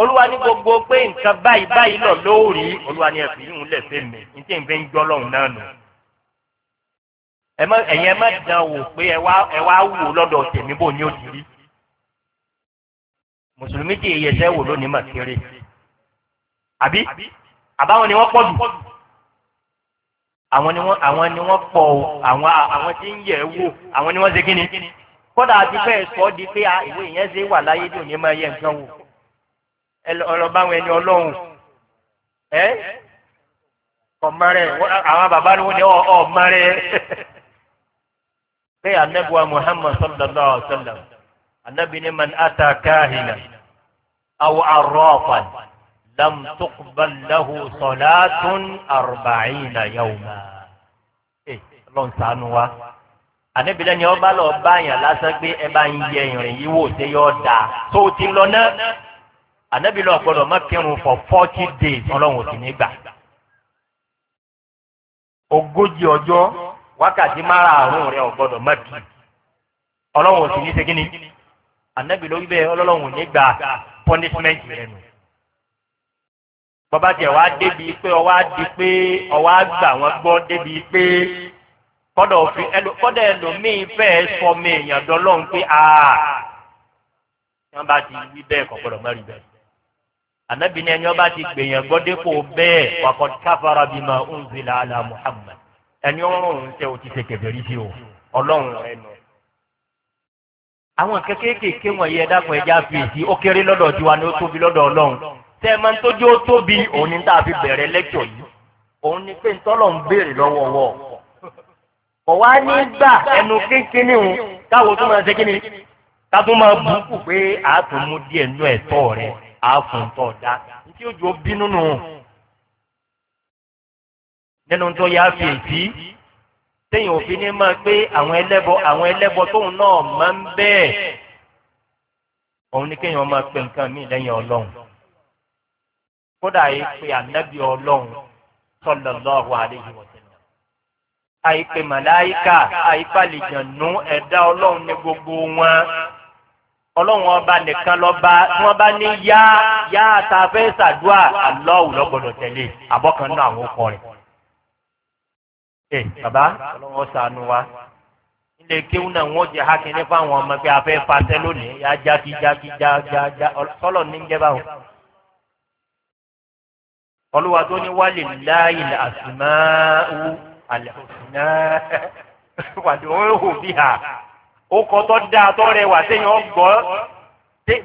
Speaker 1: olúwa ní gbogbo pé nǹkan báyìí báyìí lọ lóòrì olúwa ní ẹ̀fìn yìí ń lẹ̀ fẹ́ mi ní tí n fi ń jọ́ lọ́hùn náà nù. ẹ̀yin ẹ má dán wò pé ẹ wá wò lọ́dọ̀ tèmi bò ní òjì rí mùsùlùmí tí èyí ẹsẹ̀ wò lónìí mà kéré àbí àbáwọn ni wọ́n pọ̀ jù àwọn ni wọ́n àwọn ni wọ́n pọ̀ o àwọn àwọn tí ń yẹ̀ wò àwọn ni wọ́n ṣe kí ni kódà àti fẹ́ sọ di pé ìwé yẹn ṣe wà láyé tí ò ní máa yẹ nǹkan wò ọlọ́bàwọn ẹni ọlọ́run ẹ ọmọrẹ àwọn bàbá ni wọ́n ní ọmọrẹ bẹ́ẹ̀ anabuwa muhammad sallallahu alaihi wa sallam. النبي من man ata أو aw لم تقبل له صلاة أربعين يوما. lọ́n sànú wa anabi lẹ́ni ọba lọ báyàn lásán pé ẹ bá ń yẹ ìrìn yìí wò ṣe yọ da tó ti lọ náà anabi lọ má kírun for forty days ọlọ́run ò sì ogójì ọjọ́ wákàtí márààrún rẹ̀ ò gbọdọ̀ má kí ọlọ́run ò ní ṣe ni anabi lórí bẹ́ẹ̀ ọlọ́run ò ní gba punishment rẹ nù. bọ́bá tiẹ̀ wá débi pé ọwá di pé ọwá gbà wọ́n gbọ́ débi pé kọ́dọ̀ òfin kọ́dọ̀ ẹlòmíín fẹ́ẹ́ sọ mi èèyàn dọ́lọ́run pé a wọ́n bá ti wí bẹ́ẹ̀ kọ́ gbọ́dọ̀ mẹ́rin bẹ́ẹ̀. anabi ni ẹni wọ́n bá ti gbèyàn gbọ́ bẹ́ẹ̀ wakọ̀ káfàrà bíi ma ń àlà muhammad ẹni ọ̀run ń sẹ́ o ti ṣe kẹfẹ́ rí sí o ọlọ́run rẹ àwọn kékèké wọ̀nyí ẹ̀dá kan ẹja fi èsì ó kéré lọ́dọ̀ tiwa ni ó tóbi lọ́dọ̀ ọlọ́run tẹ́ ẹ máa ń tójú ó tóbi òun ni tá a fi bẹ̀rẹ̀ lẹ́kọ̀ọ́ yìí òun ni pé ntọ́lọ̀ ń béèrè lọ́wọ́wọ́ kọ̀ wá ní gbà ẹnu kínkínní o káwo tó máa ṣe kínní ká tó máa bùkù pé a tó mú díẹ̀ nú ẹ̀tọ́ rẹ̀ a fún tọ̀ dá tí ojú ó bínú nù nínú tó yá fi èsì téèyàn òfin ní máa pé àwọn ẹlẹ́bọ àwọn ẹlẹ́bọ tóun náà máa ń bẹ́ẹ̀ òun ni kéèyàn máa pe nǹkan míì lẹ́yìn ọlọ́run kódà yìí pe ànábì ọlọ́run sọlọ́lọ́hu àlejò wọ̀tẹ́lẹ̀ àìpé màláìkà àìpàlìjànú ẹ̀dá ọlọ́run ní gbogbo wọn ọlọ́run ọba nìkan lọ́ba tí wọ́n bá ní yá yá ta fẹ́ sàdúà àlọ́ọ̀hù lọ́gbọ̀dọ̀ tẹ̀lé àbọ̀kan náà àwọn ọkọ rẹ̀ ẹ bàbá ọlọ́wọ́ sànù wa ilé kéwù náà wọ́n jẹ́ hákìnní fáwọn ọmọ pé afẹ́ fatẹ́ lónìí yá jákí jákí jájájá ọlọ́ ní jẹ́ báwọn. olùwà tó ní wálé láàyè àsìmáwù àlẹ́hùsìnà wàdí wọ́n hù bí hà ó kọ́ tó dáa tó rẹwà sẹ́yìn ọgbọ́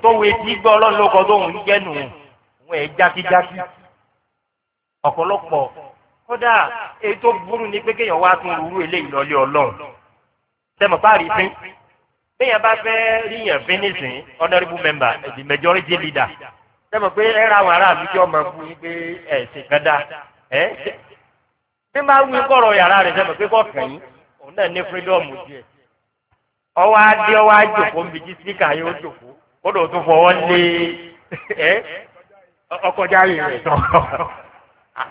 Speaker 1: tó wé tí gbọ́ ọlọ́run ló kọ́ tó ń jẹ́ nù wọ́n ẹ̀ jákíjákí ọ̀pọ̀lọpọ̀ kódà èyí tó burú ni pé kéèyàn wá tún rúurú eléyìí lọ́lé ọlọ́run tẹmọ̀ bá rí fín bẹ́yàn bá fẹ́ ríyàn fín nísìn honourable member the majority leader tẹmọ̀ pé ẹ ra àwọn aráàlú tí ọmọ fún yín pé ẹ ṣe kan dá ẹ bí máa wí kọ̀rọ̀ yàrá rẹ̀ tẹmọ̀ pé kọ̀ọ̀kan yín òun náà ní freedom díẹ̀ ọwọ́ adé ọwọ́ àjòkó ń bìjì síkà yóò jòkó kódò tó fọwọ́ lé ẹ ọkọjá yìí rẹ̀ tán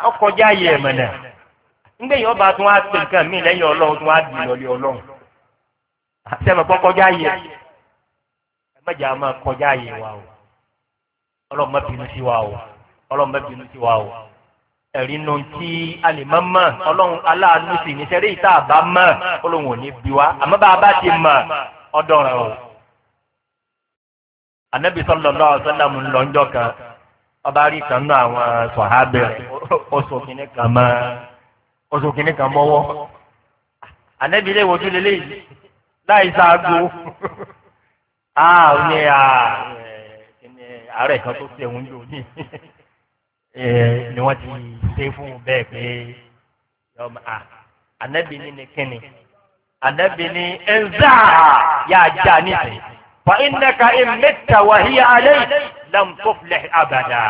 Speaker 1: ọkọjá yẹ ẹ̀mọ̀ náà ńgbẹ́ yìí ọba tún wá pé nǹkan mí lẹ́yìn ọlọ́run tún wá di ìlọlẹ́ ọlọ́run àtẹ̀mọ̀ kọ́ kọjá yẹ ẹ mẹ́jà máa kọjá yẹ wa o ọlọ́run má bínú sí wa o ọlọ́run má bínú sí wa o ẹ̀rí nu tí a lè mọ́ mọ́ ọlọ́run aláàánú sì ní sẹ́rí ìta àbá mọ́ ọlọ́run ò ní bí wa àmọ́ bá a bá ti mọ̀ ọdọ̀ rẹ̀ o. ànábì sọ́lọ́ lọ́wọ́ sọ́lá mu lọ́njọ́ kan ọba rí ìtànú àwọn sọ̀hábẹ̀ ọ̀sọ̀kìnì kan mọ́ ọ̀sọ̀kìnì kan mọ́wọ́ ànẹ́bí ilé ìwòjú lélẹ́ yìí láì sáàgó
Speaker 2: àá ò ní
Speaker 1: àárẹ̀ kan tó ṣe òun yóò ní ni wọ́n ti ṣe fún un bẹ́ẹ̀ pé ànẹ́bí ní kíni ànẹ́bí ní ẹ̀ńzá yáa já nísìnyí fa ìnẹ́ka ìmẹ́ta wàhíyá alẹ́ yìí lam tuflih abada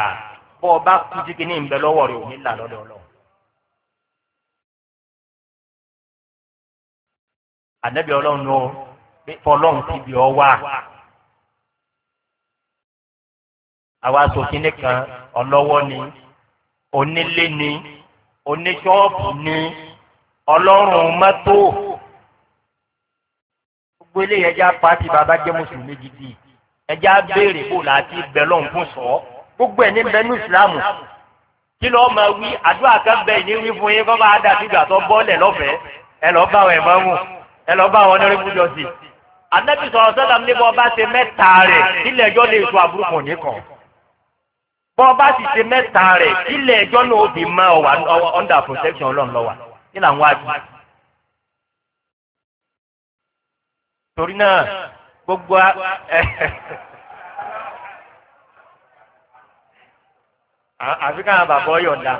Speaker 1: bọ́ ọ bá kú jí kínní ìbẹ̀ lọ́wọ́ rẹ̀ ò ní là lọ́dọ̀ lọ.
Speaker 2: ànábì ọlọ́run ó fọlọ́run ti bì ọ wá àwa sòfin nìkan
Speaker 1: ni onílé ni oníṣọ́ọ̀bù ni ọlọ́run mọ́tò gbogbo eléyẹjá pàtì bàbá jẹ́ mùsùlùmí gidi ẹjẹ abéèrè bò láti bẹ lọ́n fún sọ gbogbo ẹ̀ ní bẹnu ìsìlámù kí lọ́ọ́ máa wí àdúrà kan bẹ́ẹ̀ ní wí fún yín kọ́ bá dàbí ìgbà tó bọ́ọ̀lẹ̀ lọ́fẹ̀ẹ́ ẹ lọ́ọ́ bá wọn ẹ̀ máa mú ẹ lọ́ọ́ bá wọn lórí kújọ sí i anabi sọ̀rọ̀ sọ́dọ̀ ní bọ́ bá ṣe mẹ́ta rẹ̀ kílẹ̀ ẹjọ́ lè so àbúrúkọ nìkan bọ́ bá sì ṣe mẹ́ta rẹ̀ kílẹ̀ ẹjọ́ náà ó fi mọ ọ̀wà under protection ọlọ́run lọ́wà kí làwọn á jù. torí náà gbogbo àfi káwọn bàbá ọyọ̀ǹda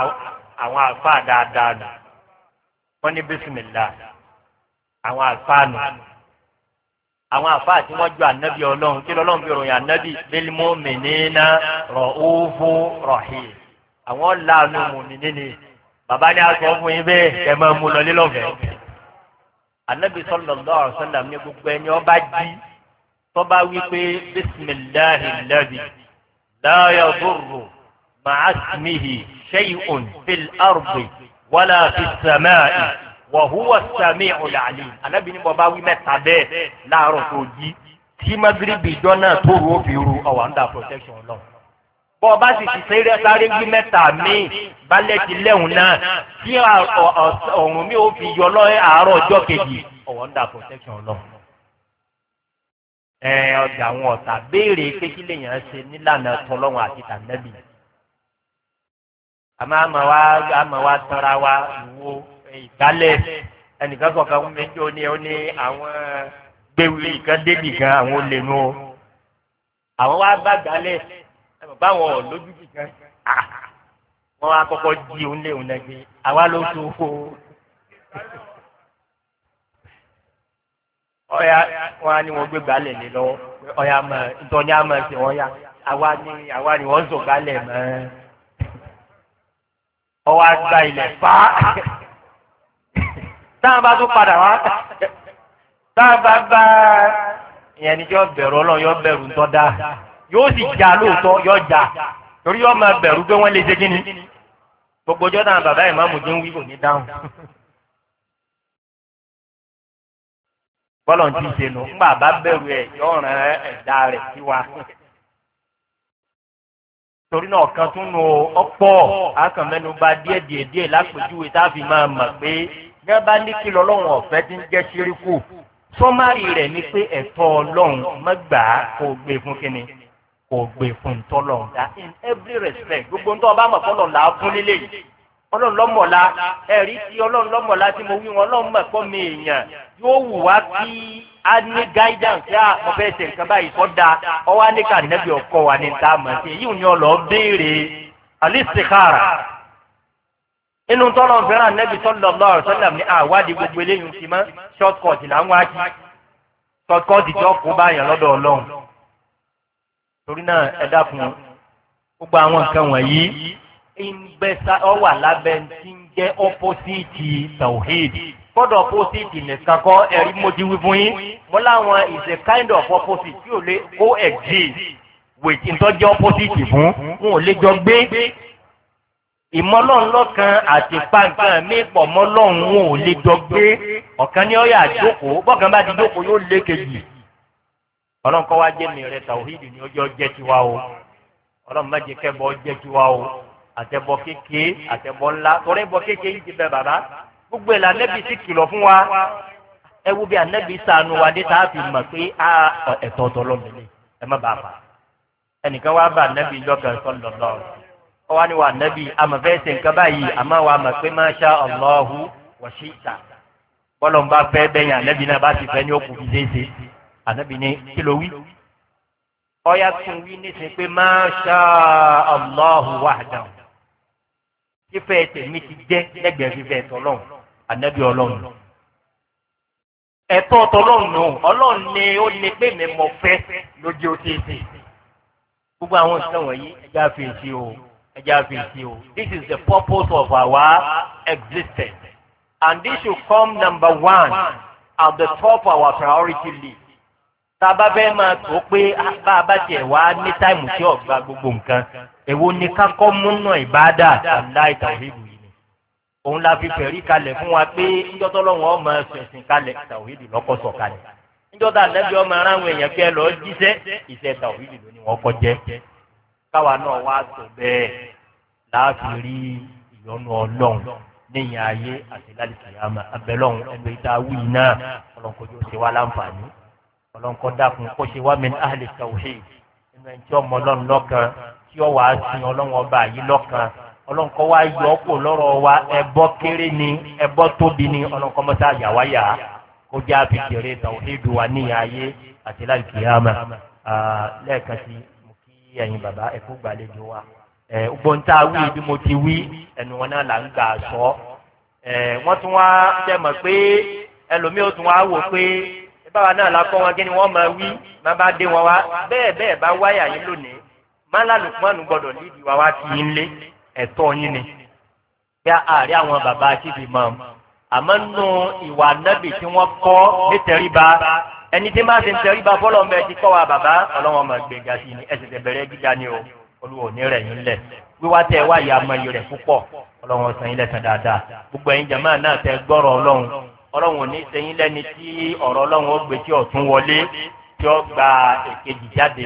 Speaker 1: àwọn àlùfáà dáadáa nù wọ́n ní bísímìlá àwọn àlùfáà nù àwọn àlùfáà tí wọ́n ju ànábì ọlọ́run kí lọ́lọ́run fi ròyìn ànábì bílímọ́ mìíníná rọ̀ ófó rọ̀hì àwọn làánú mùmíní ni bàbá ní aṣọ fún yín bẹ́ẹ̀ ẹ máa mú lọ lílọ́fẹ̀ẹ́. anabi sallallahu alaihi wa sallam ní gbogbo ẹni ọba jí wi pe bisimilahi lẹbi láyà dúró màá simihi ṣẹ́yìn fil ardi wàlá fi sàmáì wàhúwà sàmì ọ̀làlì anabi ní bọba wí mẹ́ta bẹ́ẹ̀ láàárọ̀ tó jí tí magrebi jọ náà tó rú òfin ro fi ru ń da protection ọlọ́run. bọ́ ọ bá sì ti sáré sáré wí mẹ́ta míì balẹ̀ ti lẹ́hùn náà tí ọ̀run mi ò fi yọ lọ àárọ̀ ọjọ́ kejì ọ̀wọ́ ń dà protection lọ. ẹ ọjà àwọn ọ̀tà béèrè pé kí lèèyàn ṣe nílànà tọlọ́run àti tànẹ́bì. àmọ́ àmọ́ wa àmọ́ wa tọ́ra wa wo ìgbálẹ̀ ẹnìkan kọ̀ọ̀kan wọ́n méjì ó ní ó ní àwọn gbéwìrì kan débì kan àwọn olè nù ó. àwọn wa bá gbálẹ̀ báwọn ò lójú kìkan wọn á kọ́kọ́ di òun lé òun lẹ́gbẹ̀ẹ́ àwa ló tó o.
Speaker 2: ọ̀ya wọn á ní wọn gbé gbalẹ̀ lé lọ́wọ́ ọ̀ya mọ̀ ìtọ́ni á mọ̀ sí wọn yá
Speaker 1: àwa ni àwa ni wọ́n sọ gbalẹ̀ mọ́ ọwọ́ àgbà ilẹ̀ fà á táwọn bá tún padà wá táwọn bá bá ìyẹn níjọ́ bẹ̀rù ọlọ́run yọ bẹ̀rù ń tọ́ da
Speaker 2: yóò sì jà lóòótọ́ yóò jà
Speaker 1: torí yóò máa bẹ̀rù pé wọ́n lè ṣe kí ni gbogbo ọjọ́ náà bàbá ìmáàmù jẹ́ ń wí kò ní dáhùn. bọ́lọ̀ ti ṣe nù ńgbà bá bẹ̀rù ẹ̀ yóò ràn ẹ̀dá rẹ̀ sí wa. torí náà kan tún nu ọ̀pọ̀ akànmẹ́nuba díẹ̀ díẹ̀ díẹ̀ lápèjúwe tá a fi máa mọ̀ pé bí wọ́n bá ní kí lọ́lọ́run ọ̀fẹ́ ti ń jẹ́ síríkù sọ́márì rẹ̀ ni pé ẹ̀tọ́ ọlọ́run mọ́gbàá kò gbé fún kínni kò gbé fún tọ́lọ̀ ọ̀dá in every respect gbogbo ń tọ́ ọba mọ̀ fọlọ̀ là á fún nílé yìí ọlọ́run lọ́mọ̀lá ẹ̀rí tí ọlọ́run lọ́mọ̀lá tí mo wí wọn ọlọ́run mọ̀ ẹ̀kọ́ mi èèyàn yóò wù wá kí a ní guidance yá ah, mo fẹ́ ṣe nǹkan báyìí kọ́ da ọwọ́ á ní ká nẹ́bí ọkọ wa ní ta mọ̀ sí yìí ni ọlọ́ béèrè alisikara inú tọ́lọ̀ fẹ́ràn nẹ́bí sọ́lọ́ lọ́rọ̀ sọ́lọ́ ní àwádìí gbogbo eléyìí ti mọ́ short cut làwọn á ti short cut ìjọ kó báyàn lọ́dọ̀ ọlọ́run torí náà ẹ dákun gbogbo àwọn nǹkan wọ̀nyí ìgbésà ọwà lábẹ́ ti ń jẹ́ ọ́pọ́sìtì tawhid kọ́dọ̀ ọ́pọ́sìtì nìkan kọ́ ẹ̀rí mojú wíwọ́n yín mo láwọn is a kind of opposite tí ò lè co-exist with ìtọ́jú ọ́pọ́sìtì fún wọn ò lè jọ gbé ìmọ̀lọ́nlọ́kan àti pàǹkan mi pọ̀ mọ́lọ́hún wọn ò lè jọ gbé ọ̀kan ní ọ̀yà àjókòó bọ́ọ̀kan bá ti jókòó yóò lé kejì ọlọ́run kọ́ wá jẹ́ mi rẹ tàwíìdì ni ọjọ́ jẹ́ tiwa o ọlọ́run má jẹ́ kẹ́bọ jẹ́ tiwa o àtẹ̀bọ kéke àtẹ̀bọ ńlá tọ́rẹ́ bọ kéke yìí ti bẹ bàbá gbogbo ẹ̀ la nẹ́bi ti kìlọ̀ fún wa ẹ wo bí anẹ́bi sànù wa dé tá a fi mọ̀ pé a ẹ̀tọ́ ọ̀tọ̀ lọ́mọdé ẹ má bàa fà ẹnìkan wá bá anẹ́bi lọ́kàn sọ́ńdọ̀dọ̀ ọwọ́ ni wà anẹ́bi amọ̀fẹ́sẹ̀ nǹkan báyìí àmọ́ wa mọ̀ pé máṣá ọlọ́hu wọ̀ṣíìta bọ́lọ̀ ń fẹ́ bẹ́yìn anẹ́bi náà bá ti fẹ́ ní òkú fi dé ṣe ànábì ní kí ló wí. ọ̀yà tún wí nísìnyí pé máa ṣá allahu wahda fífẹ́ tèmi ti jẹ́ lẹ́gbẹ̀ẹ́ fífẹ́ tọ́lọ́n ànábì ọlọ́run. ẹ̀tọ́ tọ́lọ́run nù ọlọ́run ni ó ní pé mi mọ̀ fẹ́ lójú ó ti sè. gbogbo àwọn ìṣẹ́ wọ̀nyí ẹja fèsì o ẹja fèsì o this is the purpose of our existence and this should come number one at the top of our priority list tá a bá fẹ́ máa tó pé ah, bá a bá tiẹ̀ wá ní táìmù tí ọ̀gá gbogbo nǹkan èwo ni kákọ́ múnà ìbáadà láì tàwíìdù yìí ni òun la fi fẹ̀rí kalẹ̀ fún wa pé níjọ́tọ́ lọ́wọ́ ọmọ ẹ̀sìn kalẹ̀ tàwíìdù lọ́kọ́ sọ kalẹ̀ níjọ́tọ́ àlẹ́bí ọmọ aráwọn èèyàn fẹ́ lọ jíṣẹ́ ìṣẹ́ tàwíìdù ló ní wọ́n kọ́ jẹ́ káwa náà wá tó bẹ́ẹ̀ láàfin rí ìyọnu ọlọ́run níyìn ayé àti lálẹ́ kìyàmà abẹ́lọ́run ẹgbẹ́ ìta wíì ọlọ́nkọ́ dákun kó ṣe wá min ahli tawhid nínú ẹni tí ọmọ ọlọ́run lọ́kan tí ó wàá sin ọlọ́run ọba yìí lọ́kan ọlọ́nkọ́ wá yọ ọ́ kó lọ́rọ̀ wa ẹbọ kéré ni ẹbọ tóbi ni ọlọ́nkọ́ mọ́tà yàwáyà kó já fi jèrè tawhid wa níyà ayé àti láì kìyàmà lẹ́ẹ̀kan sí mo kí ẹ̀yin bàbá ẹ̀kú gbàlejò wa ògbóǹta wí bí mo ti wí ẹnu wọn náà là ń gbà sọ wọ́n tún wá tẹ̀ mọ̀ pé ẹlòmíì tún wá wò pé ìbáwa náà la kọ́ wọn kí ni wọ́n máa wí má bá dé wọn wá bẹ́ẹ̀ bẹ́ẹ̀ bá wáyà yín lónìí má lálùkùmánù gbọ́dọ̀ nídìí wa wá ti yín lé ẹ̀tọ́ yín ni kí àárẹ àwọn bàbá síbi mọ àmọ́ nù ìwà nábì tí wọ́n kọ́ nítẹríba ẹni tí máa ti ń tẹríba fọlọ́mọ ti kọ́ wa bàbá ọlọ́wọ́n máa gbé ga sí ni ẹsẹ̀ tẹ̀ bẹ̀rẹ̀ gíga ni o olùwọ̀ ní rẹ̀ yín lẹ̀ wíwá tẹ wáyà àmọ́ ọlọ́run ò ní sẹ́yìn lẹ́ni tí ọ̀rọ̀ ọlọ́run ó gbé tí ọ̀tún wọlé tí ó gba èkejì jáde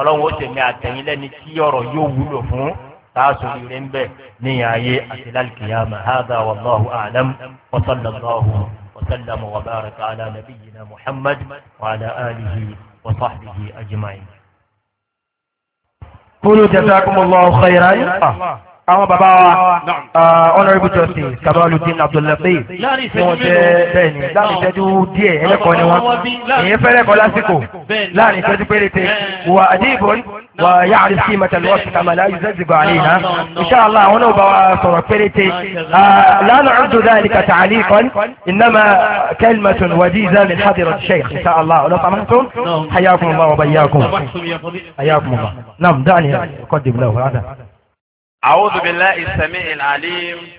Speaker 1: ọlọ́run ó tẹ̀mí àtẹ̀yìn lẹ́ni tí ọ̀rọ̀ yóò wúlò fún taasu ire ń bẹ̀ ní ayé àti lálkìyàmà hàdà wàlláhu àlám wasallámàhu wasallámà wà bàrẹ̀kà àlà nàbíyìnà muhammad wà àlà àlìyí àjùmáyé.
Speaker 2: kúlù jẹ́ sákùmọ̀ lọ́wọ́ xeyra yìí. àwọn bàbá wa honorable justice kabaludin abdullahi ni wọ́n jẹ́ bẹ́ẹ̀ ni láàrin ìṣẹ́jú
Speaker 1: díẹ̀ ẹlẹ́kọ́ ni wọ́n èyí fẹ́rẹ̀ kọ́ lásìkò láàrin ìṣẹ́jú àdìbò wà yáàrin wà yáàrin sí mẹtẹlẹ́wọ̀sì kàmàlà yuzẹ́zìgbà àríyá inṣàlá àwọn náà bá wa sọ̀rọ̀ péréte lánà ọdún dáàlì lana odun ni àlì kan ìnáma kẹlmẹtùn wàjí ìzámi hadirat sheikh inṣàlá ọlọ́pàmọ́tún hayakumuma wa bayakum hayakumuma nam dáàlì kọ́ dìbò náà
Speaker 2: أعوذ بالله السميع العليم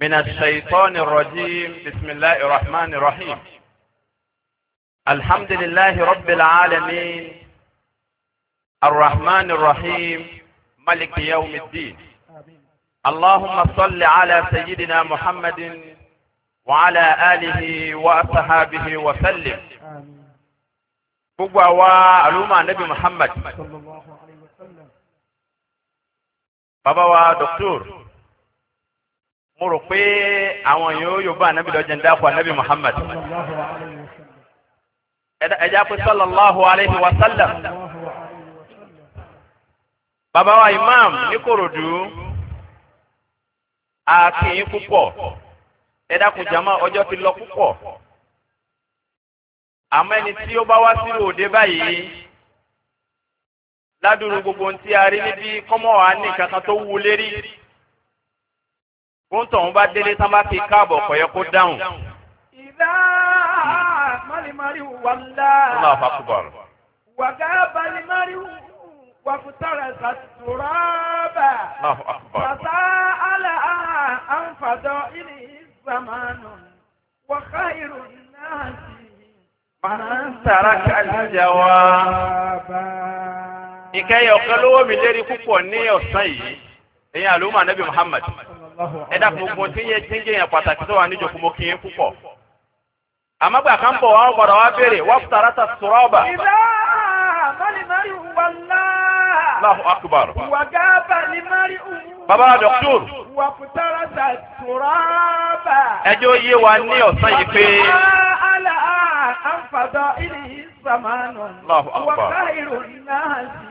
Speaker 2: من الشيطان الرجيم بسم الله الرحمن الرحيم الحمد لله رب العالمين الرحمن الرحيم ملك يوم الدين اللهم صل على سيدنا محمد وعلى آله وأصحابه وسلم gbogbo àwa àlùmọ́ ànábì وسلم bàbá wa dọ́kítọ́r mo rò pé àwọn yòó yorùbá anabi dọ́jà ń dáko anabi muhammad ẹja pé sallallahu alayhi wa sallam bàbá wa imam nìkòròdú a kì í púpọ̀ ẹ jama ọjọ́ ti lọ púpọ̀ àmọ́ ẹni tí ó bá wá sí òde báyìí ládùúrú gbogbo ntí arí níbi kọ́mọ́ wa ní kankan tó wú lérí gbóńtọ̀ ń bá délé tán bá fi káàbọ̀ kọ̀yọ́ kó dáhùn. ìdá mọ́lìmọ́lì wà ńlá. ó náà fa kúbọ̀rù. wàgá balimari wàkútàrà sàtúrọ́bà. náà fa kúbọ̀rù. bàtà àlà àǹfààdọ́ ìní ìsàmánù wàkà ìrù náà sí. màá ń sàrà kàlí jẹ wá
Speaker 1: ìkẹyẹ ọ̀kan lówó mi
Speaker 2: lérí púpọ̀ ní ọ̀sán yìí ẹ̀yin àlùmọ̀ anabi muhammad ẹ dàpọ̀ gbogbo tí yẹ tí ń jẹyàn pàtàkì tó wà níjọ kó mo kí yín púpọ̀ àmọ́gbà kan bọ̀ wọn gbọ́dọ̀ wá béèrè wọ́n fìtàrà ta sọ̀rọ̀ ọba. ìdá baba dọ́kítọ́r. wà fìtàrà ta sọ̀rọ̀ ọba. ẹjọ́ yé wa ní ọ̀sán yìí pé. aláha àǹfààdọ̀ ilé yìí sàmánù. aláhu akubar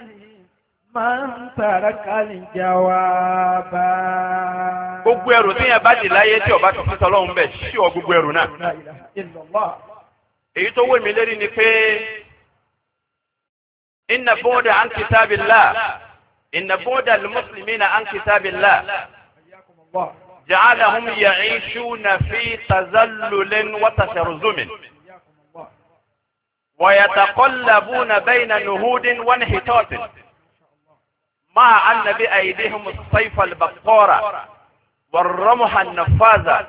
Speaker 2: máa ń tàrà kálí jà wá bá. gbogbo ẹrù tí yẹn bá dì láyé tí ọba tuntun sọ lọ́hùn bẹ̀ sí ọ gbogbo ẹrù náà. èyí tó wé mi lérí ni pé inna bóda an kitabillah inna bóda lmuslimina an kitabillah ja'alahum ya'ishuna fi tazallulin wa tasharzumin. ويتقلبون بين نهود وانحطاط مع أن بأيديهم الصيف البقورة والرمح النفاذة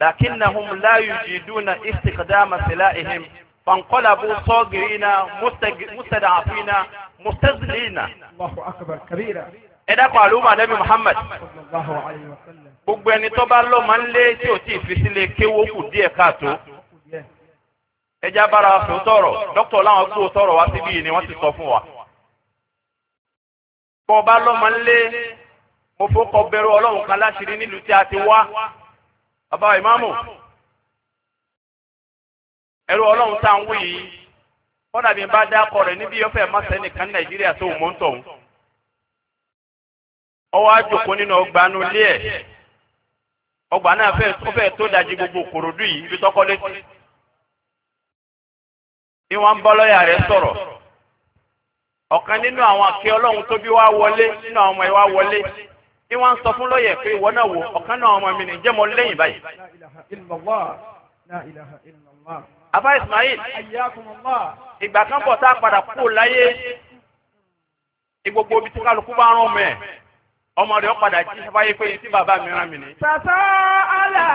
Speaker 2: لكنهم لا يجدون استخدام سلائهم فانقلبوا صاغرين مستضعفين مستذلين الله أكبر كبيرا ẹ̀dá kan àlùmọ́ ànábì Muhammad gbogbo ẹni tó bá lọ́ máa ń lé tí ò tí ì fi sílé kéwó kù díẹ̀ káàtó
Speaker 1: ẹjá bára sòótọ́rọ̀ dókítà làwọn kú sọ̀rọ̀ wá síbí yìí ni wọ́n ti
Speaker 2: sọ fún wa. bọ́ ọ bá lọ́mọ ńlé mo fọkọ bẹ̀rù ọlọ́run kan láṣìírí nílùú tí a ti wá bàbá ìmáàmù ẹ̀rù ọlọ́run tá à ń wí yìí kọ́dà bí n bá dákọ̀ rẹ̀ níbi yọ́fẹ̀ mọ́sẹ̀ nìkan nàìjíríà tó mọ́ ń tọ̀hún ọwọ́ àjòkó nínú ọgbà nù lé ẹ̀ ọgbà náà fẹ́ tó fẹ́ tó dajì gbogbo kòròdú yìí ibi tọ́kọ́ létí ni wọ́n ń bọ́ lọ́ọ̀yà rẹ̀ sọ̀rọ̀. ọ̀kan nínú àwọn àkẹ́ ọlọ́run tó bí wá wọlé nínú àwọn ọmọ ẹ wá wọlé tí wọ́n ń sọ fún lọ́yẹ̀ pé ìwọ náà wò ọ̀kan náà ọmọ mi nìjẹ́ mọ lẹ́yìn báyìí. àbá ismail ìgbà kan bọ̀ tá a padà kú láyé gbogbo ibi tí kálukú bá rán ọmọ ẹ̀ ọmọ rẹ̀ ó padà jí sábàáyé pé tí bàbá mi rán mi ni. tàtà àlà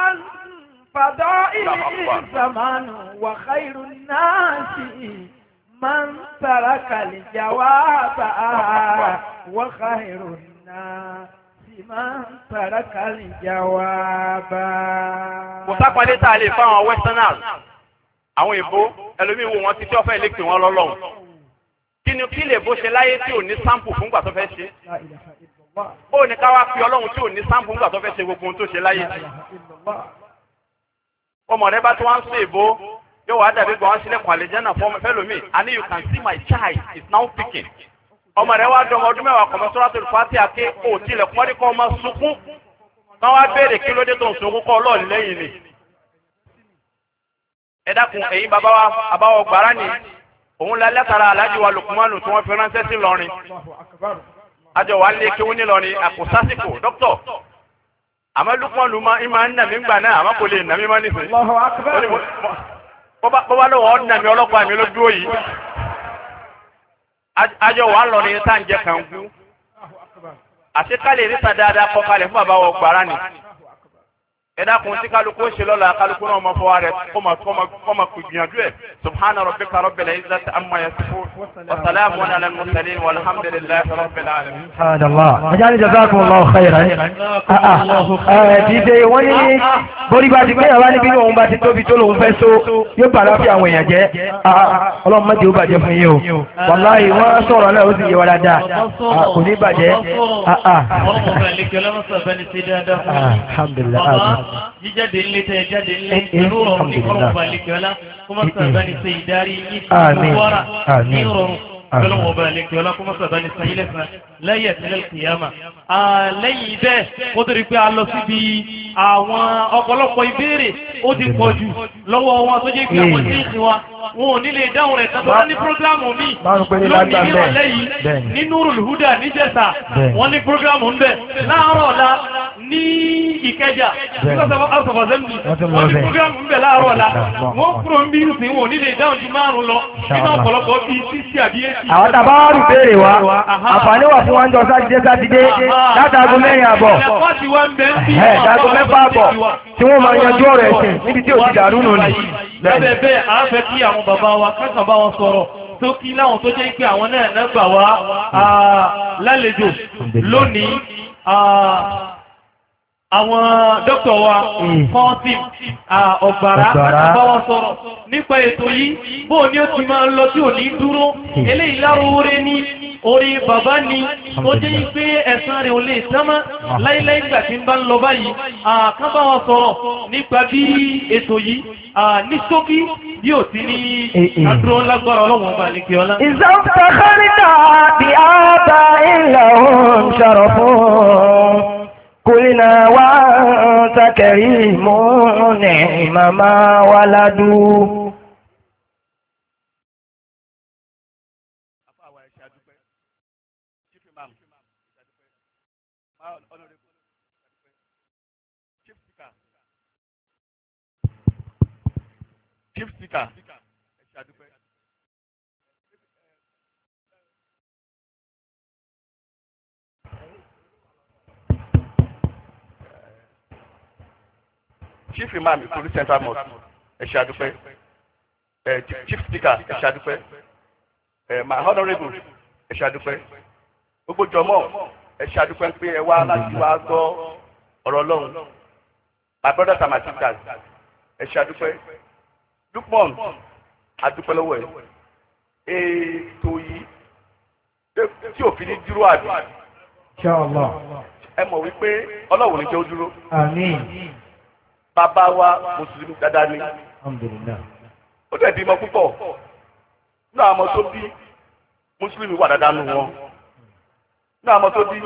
Speaker 2: àǹfààdọ́ ìlú ìsàmánu wà khairu náà sí i. من ترك الجواب وخير الناس من ترك الجواب وتقبل تعالي فاهم westerners àwọn èbó ẹlòmíín wo wọn ti ọfẹ lè pè wọn lọ́lọ́run kí ni kí lè bó ṣe láyé tí ò ní sampo fún gbà tó ṣe ó ní ká wá fi Ọlọ́run tí ò ní sampo fún gbà tó ṣe gbogbo ohun tó ṣe láyé ọmọ rẹ bá tí wọn ń sọ èbó yóò wá dàbí gbọ́n sílẹ̀kùn àlejànà fún fẹ́lómi and you can see my child is now speaking. ọmọ rẹ wá dọmọ ọdún mẹ́wàá kọ̀mọ́ sọ́ràtò fàtí àti òtí ilẹ̀kùn wọ́n ní kọ́ ọmọ sunkún kán wá béèrè kí ló tó ń sunkún kọ́ lẹ́yìn ni. ẹ dákun bàbá wa gbàrà ni òun la lẹ́tara aláàjì wa lukumanu tí wọ́n fi ránṣẹ́ sí lọ́rin. àjọ wa bọ́bá lọ́wọ́ ọ̀dínà mi ọlọ́pàá mi ló dúró yìí ajọ wà lọ ní sáǹjẹ kàngú àti ká lè ríta dáadáa kọ kalẹ̀ fún bàbá gbàrà ẹ̀dá kun tí kálukú ṣe lọ́la kálukú náà ma fọwọ́ rẹ̀ kọ́mà kù gbìyànjú ẹ̀ subhana rabbika rabbil izzati amma yasifun wa salamun ala al-mursalin walhamdulillahi rabbil alamin.
Speaker 1: ajá ni jazakumullahu khairan dídé
Speaker 2: ah, ah, ah, eh, wọ́n ní borí bá ti pé àwa níbi ní òun
Speaker 1: bá ti tóbi tó lòun fẹ́ so yóò bàrà fi àwọn èèyàn jẹ́ ọlọ́run mọ́jì ó bàjẹ́ fún yín o wàláhì wọ́n sọ̀rọ̀ náà ó sì yé wa dáadáa kò ní bàjẹ́. ọlọ́run bẹ̀rẹ̀ lè kí ọlọ́run sọ̀rọ̀ bẹ́ni sí dáadáa fún mi jíjáde ńlẹ̀ tẹ́ jáde ńlẹ̀ pẹ̀lú ọ̀rọ̀ ní kọ́lọ́ọ̀bù àlejò ọlá kó má eh, sọ̀rọ̀ bá ní ṣe eh. ìdarí ní ìwọ́ra ní ìrọ̀rùn Ah. ọlọ́wọ́ ọba ilé kí ọlọ́kọ́ sọ̀tà ní sàn ilẹ̀ sàn lẹ́yìn ẹ̀sìnlẹ̀ kìyàmà.
Speaker 2: lẹ́yìn bẹ́ẹ̀ ó torí pé a lọ síbi àwọn ọ̀pọ̀lọpọ̀ ìbéèrè ó ti pọ̀ jù lọ́wọ́ wọn tó jẹ́ pé àwọn hmm. tí ìsìn wa wọn ò nílé dáhùn rẹ̀ tàbí wọ́n ní prógrámù míì lónìí ní ọ̀lẹ́ yìí ní Nurul Huda níjẹ̀sà wọ́n ní prógrámù ńbẹ̀ láàárọ̀ ọ̀la ní Ìkẹjà house of assembly wọ́n ní prógrámù ńbẹ̀ láàárọ̀ ọ̀la wọ́n kúrò ń bí ìsìn wọn ò nílé dáhùn ju márùn lọ nínú ọ̀pọ̀lọpọ̀ bíi àwọn tàbá wá rù béèrè wa àǹfààní wà fún wọn jọ sátidé sátidé látàgùn mẹ́rin àbọ̀ ẹ̀ẹ́dàgùn mẹ́fà àbọ̀ tí wọ́n máa yanjú ọ̀rọ̀ ẹ̀sìn níbi tí ò ti dàrú nù ní. lábẹ́ bẹ́ẹ̀ a fẹ́ kí àwọn bàbá wa kẹ́kàn bá wọn sọ̀rọ̀ tó kí láwọn tó jẹ́ pé àwọn náà nẹ́gbà wa lálejò lónìí àwọn dókítọ̀ wa kọ́ọ̀tì hmm. ọ̀gbàrá àtàbáwọ̀ sọ̀rọ̀ nípa ètò yìí bóò ní ó ti máa lọ tí ò ní dúró hmm. eléyìí láròóré ní orí bàbá ni ó jẹ́ pé ẹ̀san rẹ̀ ò lè sánmọ́ ah. láíláí gbà ń bá ń lọ báyìí àkábáwọ̀ sọ̀rọ̀ nípa bí ètò yìí ní ṣókí bí ò sí ní adúró eh, eh. lágbára ọlọ́wọ̀n ọba ní kíọ́lá. ìzọ́ǹtà kọ́rídà bí ìlà òun ṣàrọ̀ fún
Speaker 1: ọ قلنا وأنت كريم نعم
Speaker 2: ما ولدوا Chief Speaker. chief imam ìkúrú central mosque ẹ ṣe àdúpẹ́ chief speaker ẹ ṣe àdúpẹ́ my honourable ẹ ṣe gbogbo jọmọ ẹ ṣe pé ẹ wá láti wá gbọ́ ọ̀rọ̀ Ọlọ́run my brothers and my sisters ẹ ṣe àdúpẹ́ Lukman àdúpẹ́ lọ́wọ́ ẹ ètò yìí tí òfin ní dúró àbí ẹ mọ̀ wípé Ọlọ́run ní jẹ́ ó dúró bàbá wa mùsùlùmí dáadáa ni ó dẹ̀ bímọ púpọ̀ nínú àwọn ọmọ tó bí mùsùlùmí wà dáadáa nù wọn nínú àwọn ọmọ tó bí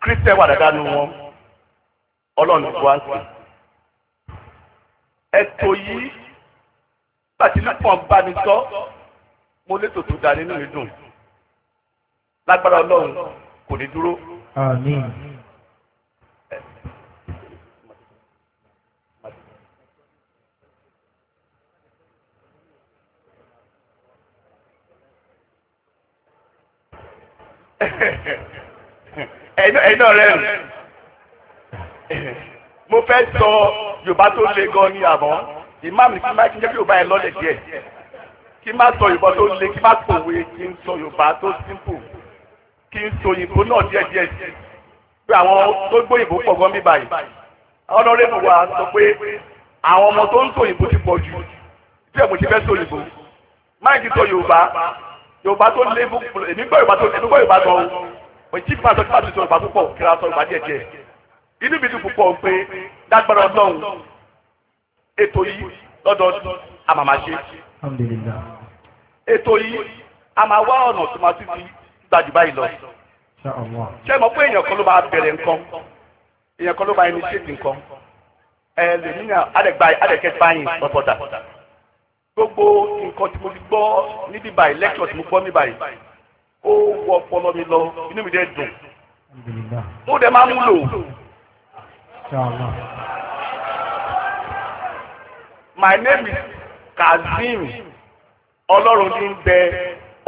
Speaker 2: kírísítẹ̀ wà dáadáa nù wọn ọlọ́run tó wá sí. ẹ̀tọ́ yìí bàtí lùpọ̀ ń bá ní sọ mo létò tó dáa nínú ìdùn lágbára ọlọ́run kò ní dúró.
Speaker 1: àmín.
Speaker 2: ẹ̀yin náà rẹ̀ mo fẹ́ sọ yorùbá tó le gan ni àmọ́ ìmáàmù kí n bá jẹ́ kí yorùbá yẹn lọ́lẹ̀ díẹ̀ kí n má sọ yorùbá tó le kí n má pòwe kí n sọ yorùbá tó simple kí n sọ òyìnbó náà díẹ̀ díẹ̀ sí pé àwọn tó gbóyìnbó pọ̀ gan mi báyìí àwọn ọ̀rẹ́ mi wà sọ pé àwọn ọmọ tó ń sọ òyìnbó ti pọ̀ jù díẹ̀ mo ti fẹ́ sọ òyìnbó máìkì sọ yorùbá yorùbá tó lé fún èmi gbọ́ yorùbá tó èmi gbọ́ yorùbá tó òyìn tí fún àtọ́jú àti yorùbá púpọ̀ kíra sọ yorùbá díẹ̀ díẹ̀ inú mi dùn púpọ̀ pé dágbára ọlọ́run ètò yìí lọ́dọọdún àmàmàṣe ètò yìí a máa wá ọ̀nà tó máa tún fi gbajù báyìí lọ ṣé mo pé èèyàn kan ló máa bẹ̀rẹ̀ nǹkan èèyàn kan ló máa initiate nǹkan ẹ lè níyàn adẹ̀gbáyìn adẹ̀kẹ́gbáyìn pọ̀pọ̀tà gbogbo nǹkan tí mo fi gbọ́ níbí báyìí lẹ́kítọ̀ tí mo gbọ́ níbí báyìí ó wọ ọpọlọ mi lọ inú mi dẹ̀ dùn ó dẹ̀ máa mú lò. my name is Kazeem ọlọ́run ní ń bẹ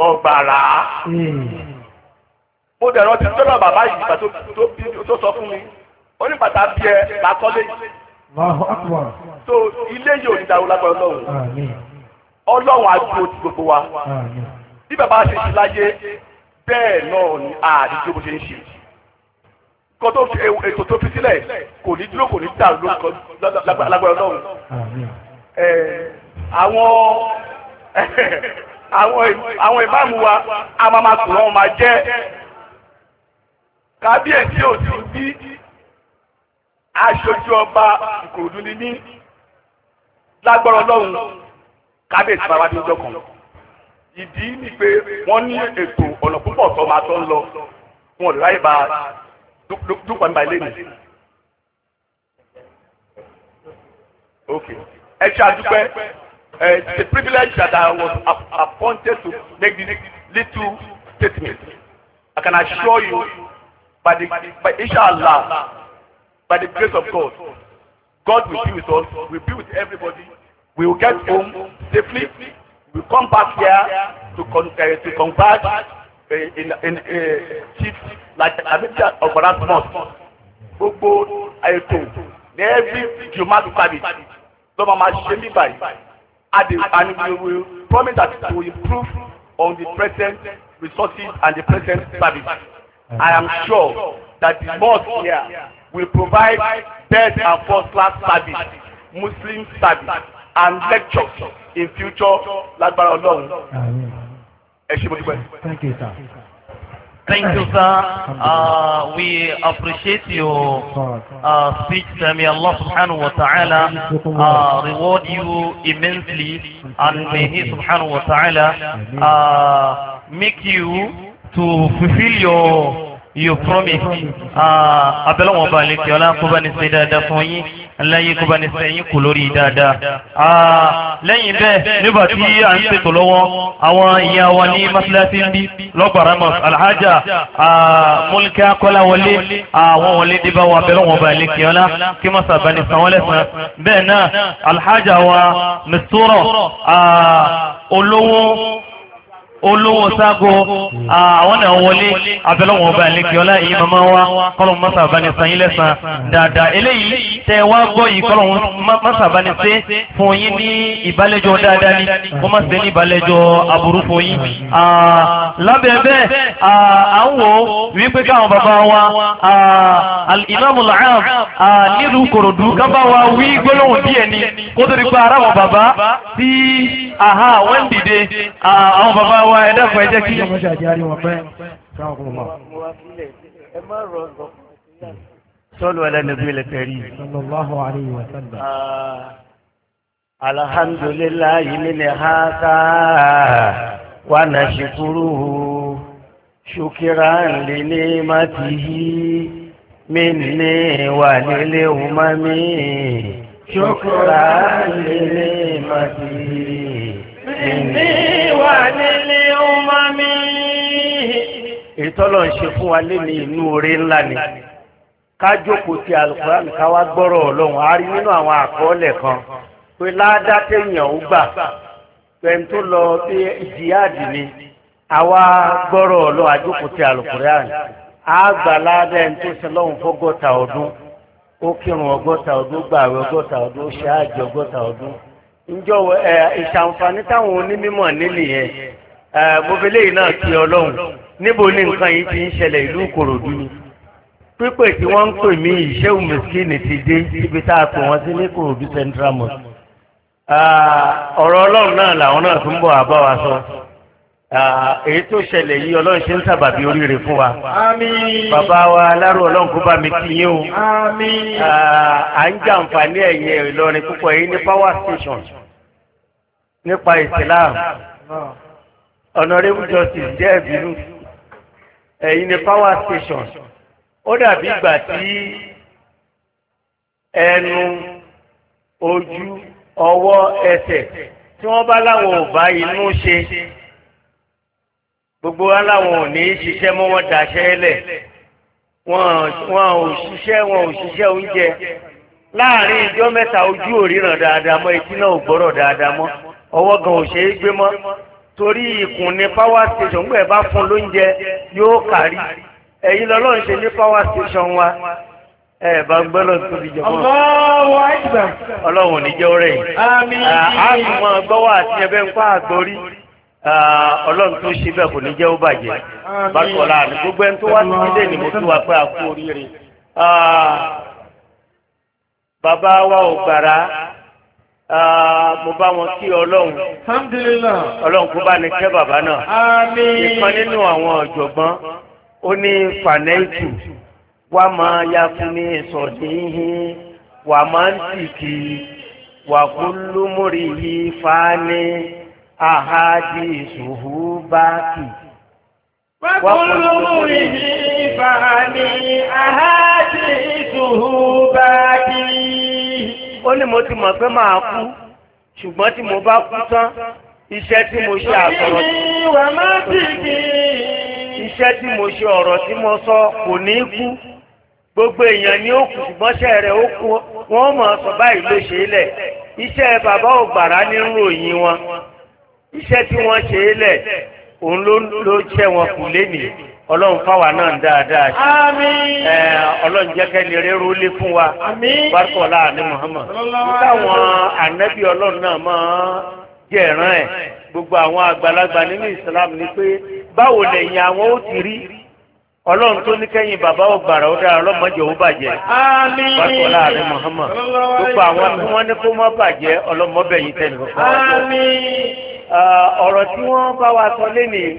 Speaker 2: ọgbàrá hmm. mo dẹ̀ rántí tọ́lọ̀ bàbá yìí ìgbà tó sọ fún mi oníbàtà bí ẹ látọ́lé yìí so ilé yìí ò ní dáwọ́ lágbára lọ́wọ́ ọlọ́run àdúgbò ti gbogbo wa bí bàbá ṣe ṣe láyé bẹ́ẹ̀ náà ni àdìjọ bó ṣe ń ṣe kó tó fi ètò tó fi sílẹ̀ kò ní dúró kò ní dàrú lórúkọ lágbára ọlọ́run àwọn àwọn ìmáàmù wa a máa máa kùrọ̀ wọn máa jẹ́ kábíyèsí ò sí bí aṣojú ọba ìkòròdú ni mí lágbára ọlọ́run kábíyèsí bá wá ní ọjọ́ kan ìdí ni pé wọ́n ní ètò ọ̀nà púpọ̀ tó máa tó ń lọ wọn ò ráyè bá dúpọ̀ nípa ilé mi. ẹ ṣe àdúpẹ́ the privilege that I was appointed to make this little statement I can assure you by the by inshallah by the grace of God God will be with us will be with everybody. We will get home safely. We will come back here to, con uh, to converge uh, in, in uh, eh, chief like Abidjan of Barat Mosque. Gbogbo ètò ní every Jumat service ló máa ma ṣe mí And, and we will promise that we will improve on the present resources and the present service.
Speaker 1: I am sure
Speaker 2: that the mosque here will provide best and first class service, Muslim service and lecture in future lágbára ọlọ́run ẹ ṣe mo
Speaker 1: thank you sir. Thank you, sir.
Speaker 2: Uh, we appreciate your
Speaker 1: uh, speech. May Allah subhanahu wa ta'ala uh, reward you immensely and may He subhanahu wa ta'ala uh, make you to fulfill your your promise. Uh, balẹ̀ kí ọlá kó bá ní ṣe dáadáa fún aláyé kó bá ní sẹ́yìn kù lórí dáadáa. lẹ́yìn bẹ́ẹ̀ nígbà tí à ń ṣètò lọ́wọ́ àwọn ìyá wa ní mọ́sálásí ń bí lọ́gbà ramos alhaja múlíkà kọ́láwọlé àwọn wọlé débá wa bẹ́ẹ̀ lọ́wọ́ balẹ̀ kíọ́lá kí
Speaker 2: wọ́n sábà ní sanwó lẹ́sàn. bẹ́ẹ̀ náà alhaja wa mẹ́sọ́rọ̀ olówó olówó ságo àwọn náà wọlé abẹ́lọ́wọ̀n ọba àlekè ọlá èyí màmá wa kọ́lọ̀ mọ́sàbáni
Speaker 1: sanyí lẹ́sàn dáadáa eléyìí tẹ wá gbọ́ yìí kọ́lọ̀ mọ́sàbáni sé fún yín ní ìbálẹ́jọ́ dáadáa ni wọ́n má ṣe ní ìbálẹ́jọ́ aburú fún yín.
Speaker 2: lábẹ́ bẹ́ẹ̀ à ń wò wípé káwọn bàbá wa ìmáàmù làám nílùú kòròdú ká bá wa wí gbólóhùn díẹ̀ ni kó tó di pé aráwọ̀ bàbá tí àhá wọ́n dìde ah, àwọn bàbá wa ẹ dákun kí. ẹ má rọ ọ̀rọ̀
Speaker 1: sọ́lù alẹ́nàbílẹ̀ kẹrí. lè ní màtìhí mí ní wà nílé òmàmí ṣùkìrán lè ní màtìhí. ìní wà nílé ọmọ mi. ìtọ́lọ̀ ń fún wa léni inú oore ńlá ni ká ti alukurani ká wá gbọ́rọ̀ ọlọ́run a rí nínú àwọn àkọọ́lẹ̀ kan pé ládàá ó gbà pẹ̀lú tó lọ sí jihadi ni àwa gbọ́rọ̀ ọlọ́run a ti a gbà ẹni tó ṣe lọ́hùn fọ́gọ́ta ọdún ó kírun ọgọ́ta ọdún ọgọ́ta ọdún njọ ẹ ìṣàǹfààní táwọn onímọ̀ nílì yẹn mobile náà ti ọlọ́run níbo ni nǹkan yìí ti ń ṣẹlẹ̀ ìlú Ìkòròdú ni pípè tí wọ́n ń pè mí ìṣẹ́wù mẹ́sìkìnì ti dé ibi tá a pè wọ́n sí ní Ìkòròdú Central Mosque ọ̀rọ̀ ọlọ́run náà làwọn náà tún bọ̀ àbá sọ èyí tó ṣẹlẹ̀ yìí ọlọ́run ṣe ń sábàbí oríire fún wa. àmín. bàbá wa alárò ọlọ́run kó bá mi kí yín o. àmín. à ń jàǹfààní ẹ̀yìn ìlọrin púpọ̀ yìí ní power station
Speaker 2: nípa islam honorable justice jẹ́ ìbínú ẹ̀yìn ní power station ó dàbí ìgbà tí ẹnu ojú ọwọ́ ẹsẹ̀ tí wọ́n bá láwọn ò bá inú ṣe gbogbo aláwọn ò ní í ṣiṣẹ́ mọ́ wọ́n daṣẹ́ lẹ̀ wọn ò
Speaker 1: ṣiṣẹ́ wọn ò ṣiṣẹ́ oúnjẹ láàrin ìjọ mẹ́ta ojú ò ríran dáadáa mọ́ etí náà ò gbọ́rọ̀ dáadáa mọ́ ọwọ́ gan ò ṣe é gbé mọ́ torí ikùn ní power station gbọ́dọ̀ bá fún lóúnjẹ yóò kárí ẹ̀yin lọ́lọ́run ṣe ní power station wa ẹ bá ń gbọ́dọ̀ tóbi jọ mọ́. ọlọ́run ò ní jẹ́ ọ̀rẹ́ yìí. àmì ìdí. àmì àti ẹbẹ́ ń pa Ah, ọlọ́run tó ṣe bẹ́ẹ̀ kò ní jẹ́ ó bàjẹ́ bákọ́lá àná gbogbo ẹni tó wá sí ilé ni mo tún wá pé a kú oríire. Ah, bàbá wa ò gbàrà ah, mo bá wọn kí ọlọ́run ọlọ́run kó bá ní kẹ́ bàbá náà ìkan nínú àwọn ọ̀jọ̀gbọ́n ó ní fànẹ́ìtù wà máa ya fún ní sọ̀díhìn wà máa ń tìkì wà kúlúmùrì yìí fáánì. ahadisuhu baki.
Speaker 2: Wakulu ni fani ahadisuhu
Speaker 1: baki. Ó ní mo ti mọ̀ pé máa kú,
Speaker 2: ṣùgbọ́n tí mo bá kú tán, iṣẹ́ tí mo ṣe àkọ̀rọ̀ tí mo sọ kò ní kú. Gbogbo èèyàn ni ó kù ṣùgbọ́n
Speaker 1: iṣẹ́ tí wọ́n ṣe é lẹ̀ òun ló ló ṣẹ́ wọn kù lénìí ọlọ́run fáwa náà dáadáa ṣe ẹ ọlọ́run jẹ́kẹ́
Speaker 2: lè rérú lé fún wa bárkọ̀lá ní muhammad nítawọn ànábì ọlọ́run náà máa jẹ̀ràn ẹ̀ gbogbo àwọn àgbàlagbà nínú islam ni pé
Speaker 1: báwo lẹ̀yìn àwọn ó ti rí ọlọ́run tó ní kẹ́yìn bàbá ọgbàrà ó dára ọlọ́mọdé ó bàjẹ́
Speaker 2: bàtọ́lá àrẹ muhammad
Speaker 1: gbogbo àwọn tí wọ́n ní kó má bàjẹ́ ọlọ́mọbẹ̀yìn tẹ̀lé ọ̀rọ̀ tí wọ́n bá wa sọ lénìí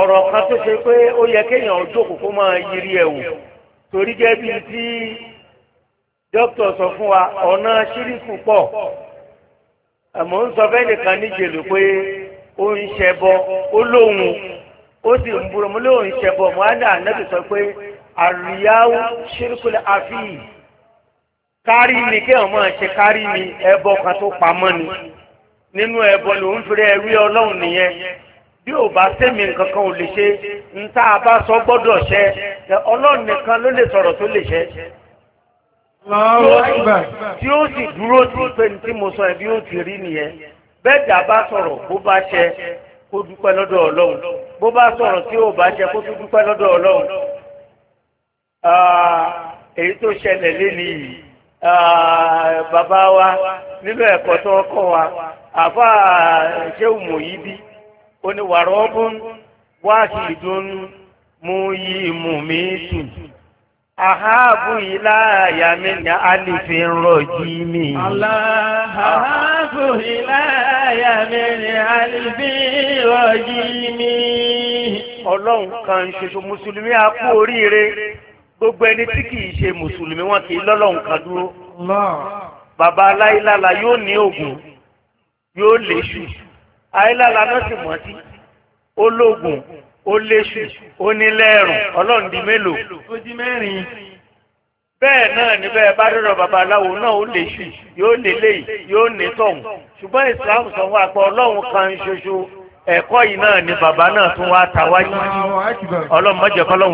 Speaker 1: ọ̀rọ̀ kan tó ṣe pé ó yẹ kéèyàn ojú òkùnkùn máa yiri ẹ̀ wò torí jẹ́ bíi tí
Speaker 2: dókítà sọ fún wa ọ̀nà ṣíríkù pọ̀ àmọ́ ń sọ fẹ́ẹ́ nìkan níjèlè pé ó ń ṣẹbọ ó lóhùn
Speaker 1: ó sì ń burú mo lóhùn ṣẹbọ mohamed anabi sọ pé àríyáwó ṣíríkù àfihì kárí ni kéèyàn máa ṣe kárí ni ẹbọ kan tó pamọ́ ni
Speaker 2: nínú ẹbọ lòún fẹ́rẹ́ ẹ̀rí ọlọ́run nìyẹn bí ò bá sẹ́mi nǹkan kan ò lè ṣe ń tá a bá sọ gbọ́dọ̀ ṣẹ ọlọ́run nìkan ló lè sọ̀rọ̀ tó lè ṣẹ. tí ó sì dúró sí pé tí mo sọ ẹ ó ti rí nìyẹn bẹ́ẹ̀ dà bá sọ̀rọ̀ bó bá ṣẹ kó dúpẹ́ lọ́dọ̀ ọlọ́run bó bá sọ̀rọ̀ tí ò bá ṣẹ kó tún dúpẹ́ lọ́dọ̀ èyí
Speaker 1: tó ṣẹlẹ̀ lé nìyí Ah, bàbá wa nínú ẹ̀kọ́ ọkọ wa àfa ṣéwù mòyíbí ó ní wàrọ̀ ọ́bùn wáàkì ìdónú mú yí mú mi sùn. Àhábù ìláyà mi ní àlìfin rọ̀jí mi. Àhábù ìláyà mi ní àlìfin rọ̀jí mi.
Speaker 2: Ọlọ́run kan ṣoṣo Mùsùlùmí á kú oríire. gbogbo ẹni tí kì í ṣe
Speaker 1: mùsùlùmí wọn kì í lọ́lọ́run kan dúró. bàbá aláìlála yóò ní oògùn
Speaker 2: yóò léṣù aláìlála náà sì mọ̀ sí olóògùn ó léṣù ó nílẹ̀ẹ̀rùn ọlọ́run di mélòó. ó di mẹ́rin. bẹ́ẹ̀ náà ni bẹ́ẹ̀ bá dọ̀dọ̀ bàbá aláwo náà ó léṣù yóò lélẹ́yìí yóò ní tọ̀hún
Speaker 1: ṣùgbọ́n ìsìlámù sọ fún apá ọlọ́run kan ṣoṣo ẹ̀kọ́ yìí náà ni bàbá náà tún wá ta wá yìí ọlọ́run má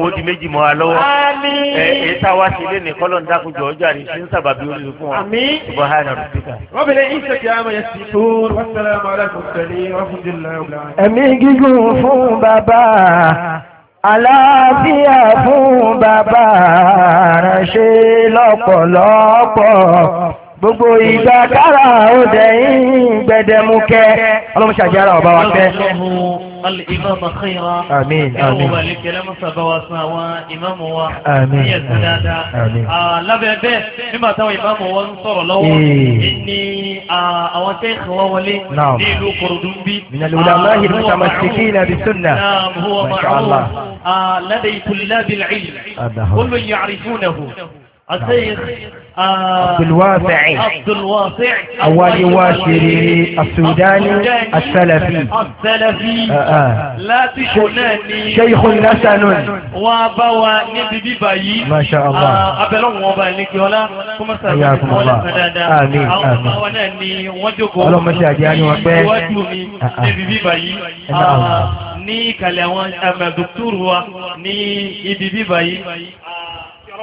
Speaker 1: ó di méjì mọ́ wa lọ́wọ́ ẹ ẹ ta wá sí ní kọ́lọ́run dákun ọjọ́ àrí sí ń sábàbí oríire fún wa ṣùgbọ́n ha nà rúbíkà. rọ́bìnrin ìṣe kí a mọ̀ yẹn sí
Speaker 2: tó wàsálàmù aláìkùsẹ̀lẹ̀ ọ̀fùdílà ọ̀la. ẹ̀mí gígùn
Speaker 1: fún bàbá
Speaker 2: àlàáfíà fún bàbá ránṣẹ́ lọ́pọ̀lọpọ̀ gbogbo ìgbà kára ó dẹ̀ ń gbẹdẹmukẹ́ ọlọ́run ṣàjẹ́ra ọba wa fẹ́.
Speaker 1: الإمام خيرا آمين آمين ولك لما سبوا سوا إمام و آمين يزداد لا بأب مما تو إمام وانصر له إني أو شيخ وولي نعم ديلو قردنبي من العلماء المتمسكين بالسنة نعم هو معروف لدي طلاب العلم كل يعرفونه السيد عبد الواسع عبد الواسع أولي واشري السوداني السلفي السلفي لا تشناني
Speaker 2: شيخ حسن
Speaker 1: وابوا نبي باي ما شاء الله أبلون وبانك ولا كما سألكم الله آمين آمين وناني وجوكم اللهم شاهداني وبين وجومي نبي باي ní ìkàlẹ̀ àwọn دكتور هو، ní ibi باي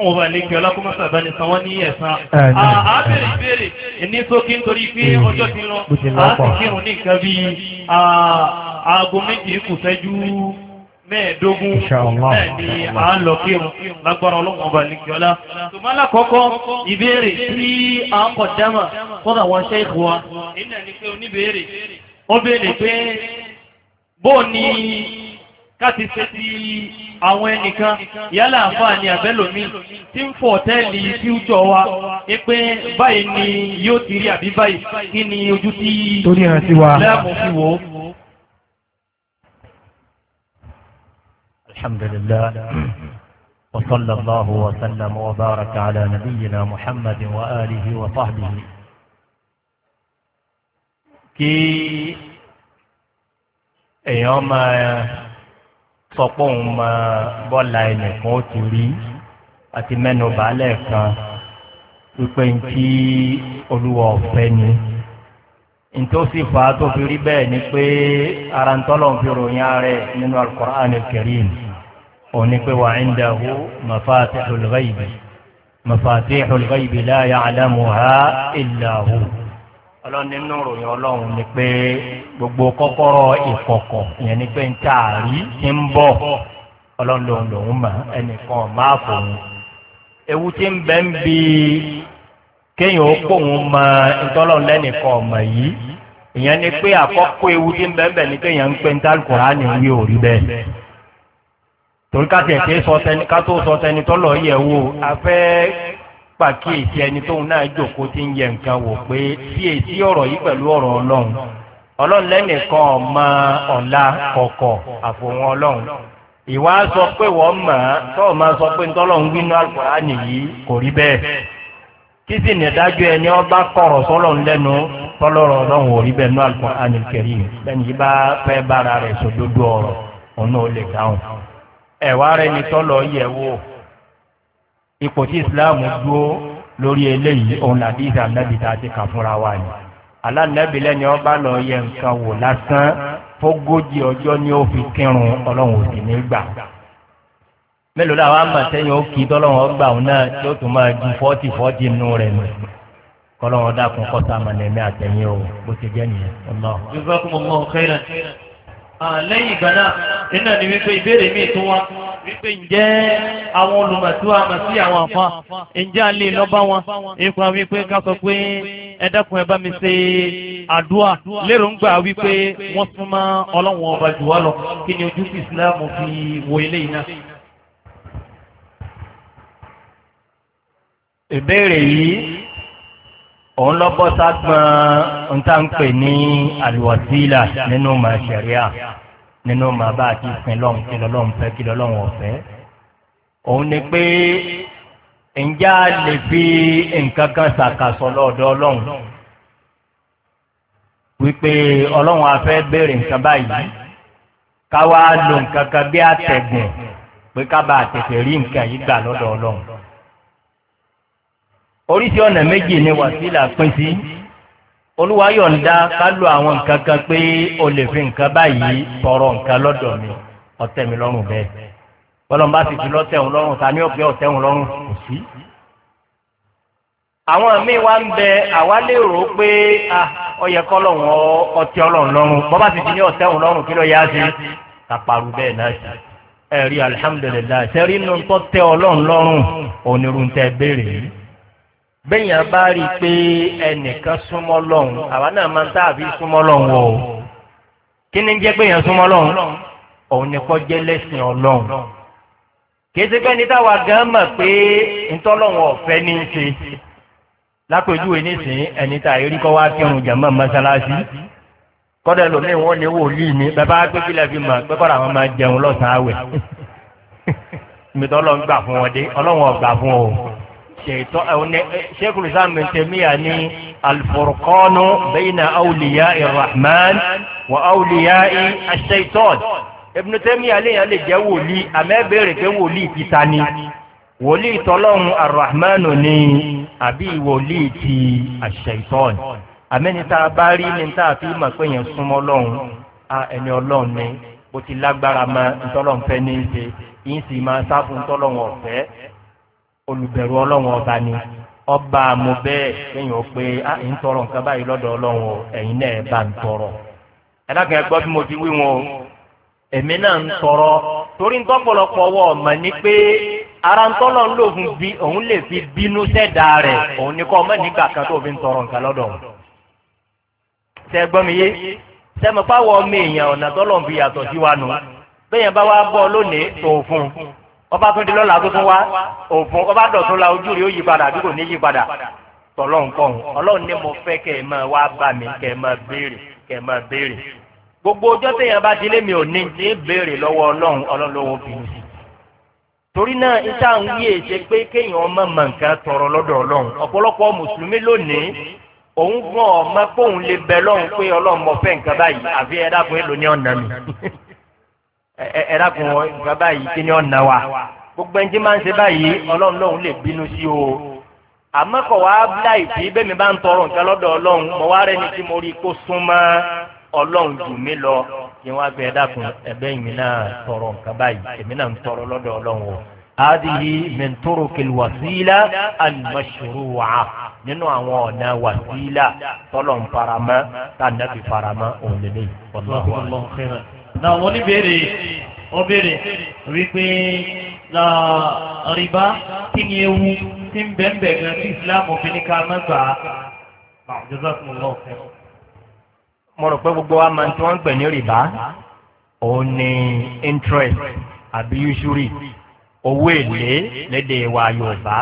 Speaker 1: ọlọ́run ọba ilé kí ọlọ́kùnmọ́ sàbá ní sanwọ́n ní ẹ̀sán àábẹ̀rẹ̀ ìbéèrè ní sókí nítorí pé ọjọ́ ti lọ àti kírun ní nǹkan bí aago méjì kù sẹ́jú mẹ́ẹ̀ẹ́dógún bẹ́ẹ̀ ni à ń lọ kírun lágbára ọlọ́run ọba ilé kí ọlá. tòmálà kọ́kọ́ ìbéèrè tí à ń kọ̀ dámà fọ́nà wọn ṣe ìkú wa.
Speaker 2: ìnáni pé oníbèèrè ó béèrè káti ṣe ti àwọn ẹnìkan yálà àǹfààní àbẹ́lòmí tí ń fọ̀ tẹ́ẹ̀lì
Speaker 1: fíújọ wa pé báyìí ni yóò ti rí àbí báyìí kí ni ojú tí torí hàn sí wa láàmú fi wò ó. alhamdulillah wa sallallahu wa sallam wa baraka ala nabiyyina muhammadin wa sọ pé òun mọ bọ́ọ̀lù ẹnìkan ó ti rí àti mẹ́nu bàálẹ̀ kan wípé ń tí olúwa ọ̀fẹ́ ni ntòsí fa tó fi rí bẹ́ẹ̀ ni pé ara ń fi ròyìn ààrẹ nínú alukur'an kẹrin òní pé wà ń dàhú mafatiḥul ghaibi mafatiḥul ghaibi láyà alamuha illahu ọlọ́run nínú ròyìn ọlọ́run ni pé gbogbo kọ́kọ́rọ́ ìkọ̀kọ̀ yẹn ni pé ń tà rí ti ń bọ̀ ọlọ́run lòun lòun mọ̀ ẹnìkan máa fòun ewu ti ń bẹ́ ń bi kéèyàn ó pòun mọ ìtọ́lọ́run lẹ́nìkan ọ̀mọ̀ yìí ìyẹn ni pé àkọ́kọ́ ewu ti ń bẹ́ ń bẹ̀ ni kéèyàn ń pe ń tàlùkùrá ni wí ò rí bẹ́ẹ̀ torí ká tiẹ̀ ké sọ tẹni ká tó sọ tẹni tọ́lọ̀ yẹ̀ afẹ́ pàkíyèsí ẹni tóun náà jòkó ti ń yẹ nǹkan wò pé kíyèsí ọ̀rọ̀ yìí pẹ̀lú ọ̀rọ̀ ọlọ́run ọlọ́run lẹ́nìkan ọmọ ọ̀la kọ̀kọ̀ àfòwọn ọlọ́run ìwà sọ pé wọ́n mọ̀ ọ́ tọ́ọ̀ máa sọ pé ntọ́lọ́run gbínú alukóra nìyí kò rí bẹ́ẹ̀ kí sì ní dájọ́ ẹni ọba kọ̀rọ̀ sọlọ́run lẹ́nu tọ́lọ́rọ̀ ọlọ́run ò rí bẹ́ẹ̀ nú alukóra nìkẹ́rì ipò tí islam dúró lórí eléyìí òun làdí ìsànàbì tá a ti kà fúnra wa ni alánàbì lẹ́ni ọba lọ yẹ nǹkan wò lásán fógójì ọjọ́ ni ó fi kírun ọlọ́run òsì ní gbà mélòó làwọn amọ̀tẹ́yìn ó kí tọ́lọ́run ọgbà òun náà yóò tún máa ju fọ́tì fọ́tì nù rẹ̀ nù kọ́lọ́run dákun kọ́sàmọ̀lẹ́mí àtẹ̀yìn o bó ti jẹ́ nìyẹn. ọlọ́run. yorùbá kò mọ̀ mọ́ ọ̀kẹ́ lẹ́yìn ìgbà náà iná ni wípé ìbéèrè míì tún wá wípé ǹjẹ́ àwọn olùmọ̀tò àmọ̀ sí àwọn àfa ǹjẹ́ a lè lọ bá wọn ipa wípé ká sọ pé ẹ dákun ẹ bá mi ṣe àdúrà lérògbà wípé wọ́n súnmọ́ ọlọ́wọ́n ọba jù wá lọ kí ni ojú sí ìsìláàmù fi wo eléyìí náà. ìbéèrè yìí òun lọ́bọ́ ságbọ́n nta ń pè ní àlùwàsílà nínú màá ṣẹ̀ríà nínú màá bá àti ìpín lọ́hùn kí lọ́hùn fẹ́ kí lọ́hùn ọ̀fẹ́ òun ni pé ǹjẹ́ a lè fi nǹkan kan ṣàkàsọ lọ́dọ̀ ọlọ́run wípé ọlọ́run a fẹ́ béèrè nǹkan báyìí ká wá lo nǹkan kan bí àtẹ̀gùn pé ká bá àtẹ̀tẹ̀ rí nǹkan yìí gbà lọ́dọ̀ ọlọ́run oríṣi ọ̀nà méjì ni wàsílà pín sí olúwa yọ̀ǹda ká lo àwọn nǹkan kan pé o lè fi nǹkan báyìí tọrọ nǹkan lọ́dọ̀ mi ọ̀tẹ̀ mi lọ́rùn bẹ́ẹ̀ bọ́lọ́mbà sì fi lọ́tẹ̀ òun lọ́rùn ta ni ọ̀pẹ́ ọ̀tẹ̀ òun lọ́rùn kò sí. àwọn míín wá ń bẹ àwa lè pé ọyẹ kọ́lọ̀hún ọtí ọlọ́run lọ́rùn bọ́bá sì ti ní ọ̀tẹ̀ lọ́rùn kí ló yá sí kàpàrù bẹ́ẹ̀ náà sí ẹ̀rí alihamudulilayi sẹ́rí inú tó tẹ ọlọ́run lọ́rùn onírúntẹ́ béèrè yìí bẹ́yìn bá rí i pé ẹnìkan súnmọ́ lọ́hùn àwa náà máa ń tàbí súnmọ́ lọ́hùn o kí ni jẹ́ pé èèyàn súnmọ́ lọ́hùn òun ni kò jẹ́ lẹ́sìn ọlọ́hùn kèsì pé ní táwa gan mọ̀ pé ntọ́lọ́hùn ọ̀fẹ́ ní í ṣe lápèjúwe nísìnyí ẹni tá àyè rí kọ́ wá kírun jàmbá mọ́sálásí kọ́dọ̀ ẹlòmíín wọn ni wòlíì ni bẹ́ẹ̀ bá fi mọ̀ pé kọ́dọ̀ àwọn máa jẹun lọ́sàn-án àwẹ̀ mi tọ́lọ́ gbà fún wọn dé ọlọ́hùn ọ̀gbà fún wọn o ṣètò ṣékùn ìsáàmì tèmíyà ní alfurqanu bayna awliya irrahman wa awliya aṣ-ṣaytan ibn tèmíyà léèyàn lè jẹ́ wòlíì àmẹ́bẹ̀rẹ̀ pé wòlíì ti ta ni wòlíì tọ́lọ́run arrahmanu ni àbí wòlíì ti aṣ-ṣaytan àmẹ́ni tá a bá rí ní tá a fi mọ̀ pé yẹn súnmọ́ lọ́hùn a ẹni ọlọ́run ni bó ti lágbára mọ́ ntọ́lọ́run fẹ́ ní í ṣe yín sì máa sá fún ọ̀fẹ́ olùbẹ̀rù ọlọ́run ọba ni ọba mo bẹ́ẹ̀ pé ń tọrọ nǹkan báyìí lọ́dọ̀ ọlọ́run o ẹ̀yin náà bá ń tọrọ. gbọ́ bí mo ti wí wọn o èmi náà ń tọrọ torí ntọ́pọ̀lọpọ̀ ọwọ́ ọ̀mọ̀ ni ara ń bí òun lè fi bínú sẹ́dá rẹ̀ òun ni kọ́ ọmọ nígbà kan tó fi ń tọrọ nǹkan lọ́dọ̀ sẹ gbọ́ mi ọba tó di lọ́la tó tún wá òfò ọba dọ̀tún la ojú rẹ̀ ó yí padà àbí kò ní yí padà tọ̀lọ́hún kọ́ ọ̀hún ọlọ́run ní mo fẹ́ kẹ́ ẹ máa wá bá mi kẹ́ ẹ máa béèrè kẹ́ ẹ máa béèrè gbogbo ọjọ́ téèyàn bá dilé mi ò ní ní béèrè lọ́wọ́ ọlọ́run ọlọ́run ló wọ́n bínú sí torí náà iṣẹ́ àwọn yìí èṣe pé kéèyàn ọmọ mọ̀ nǹkan tọrọ lọ́dọ̀ ọlọ́run ọ̀pọ̀lọpọ̀ mùsùlùmí lónìí òun gan ọmọ kóun lè bẹ lọ́run pé ọlọ́run mọ̀ fẹ́ nǹkan báyìí àfi ẹ̀dá fún èlò ní ọ̀nà mi ẹ lákun ìgbà báyìí kí ni ọ̀nà wa gbogbo ẹni tí máa ń ṣe báyìí ọlọ́run lòun lè bínú sí o àmọ́ kọ̀ wá láì fi bẹ́ẹ̀ mi bá ń tọrọ nǹkan lọ́dọ̀ ọlọ́run mo wá rẹ́ni tí mo rí kó súnmọ́ ọlọ́run jù mí lọ kí wọ́n á gbé ẹ̀dákun ẹ̀bẹ́ yìí náà tọrọ nǹkan báyìí èmi náà ń tọrọ lọ́dọ̀ ọlọ́run o. adìyí mẹ́ntòrò kìlwàsílà àlùmọ̀ṣòro wà nínú àwọn ọ̀nà wàsílà tọ́lọ̀ ń faramọ́ tá a nàbì faramọ́ òun lè na àwọn oníbèrè ọbẹ̀rẹ̀ wípé la rìbá kí ni ewu tí ń bẹ̀m̀bẹ̀ gan tí ìsìláàmù fi ní ká mẹ́gbà mo rò pé gbogbo wa máa ń tí wọ́n ń pè ní rìbá òun ni interest àbí usury owó èlé lédè wa yorùbá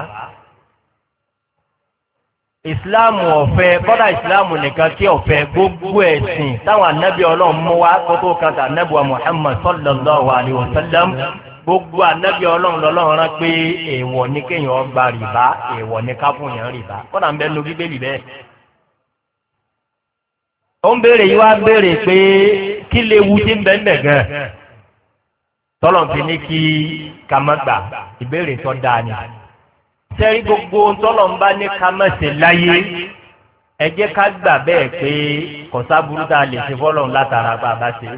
Speaker 1: ìsìláàmù ọ̀fẹ́ kọ́dà ìsìláàmù nìkan kí ọ̀fẹ́ gbogbo ẹ̀sìn táwọn anábì ọlọ́run mú wa kótó kan tà anábì wa muhammad sallallahu alayhi wa sallam gbogbo anábì ọlọ́run lọ́lọ́run rán pé èèwọ̀ ní kéèyàn gba rìbá èèwọ̀ ní káfún yẹn rìbá kọ́dà ń bẹ nu bíbélì bẹ́ẹ̀. ó ń béèrè yìí wá béèrè pé kí léwu ti ń bẹ́ẹ̀ bẹ́ẹ̀ gan tọ́lọ̀ ní kí kàmọ́gbà ìbéèrè tó dáa ni sẹ́rí gbogbo tọ́lọ̀ ń bá ní ká mẹ́sẹ̀ láyé ẹ jẹ́ ká gbà bẹ́ẹ̀ pé kọ̀sáburú tá a lè ṣe fọ́lọ́run látara bá a bá ṣe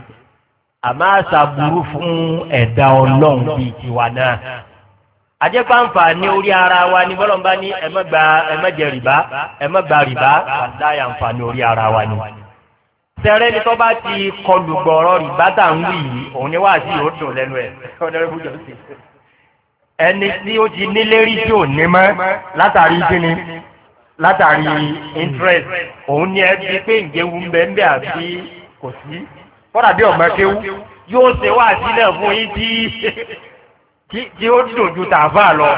Speaker 1: àmọ́ àṣàburú fún ẹ̀dá ọlọ́run bíi tiwa náà àjẹpàǹfà ní orí ara wa ni bọ́lọ̀ ń bá ní ẹ̀mẹ́gba ẹ̀mẹ́jẹ rìbá ẹ̀mẹ́gba rìbá àdáyà ǹfà ní orí ara wa ni. sẹ́rẹ́ ni tó bá ti kọlù gbọ̀ọ́rọ̀ rìbá tà ń wí yìí òun ni wàá sí òótọ́ lẹ́nu ẹ̀ ọ̀nẹ́rẹ́bù ẹni tí ó ti nílé rí tí ò ní mọ́ látàrí kíni látàrí interest òun ni ẹbí pé ìjẹun ń bẹ ń bẹ àbí kò sí kọ́dà bí ọ̀gbọ́n kéwú yóò ṣe wá sílẹ̀ fún yín tí
Speaker 2: tí ó dùn ju tàfà lọ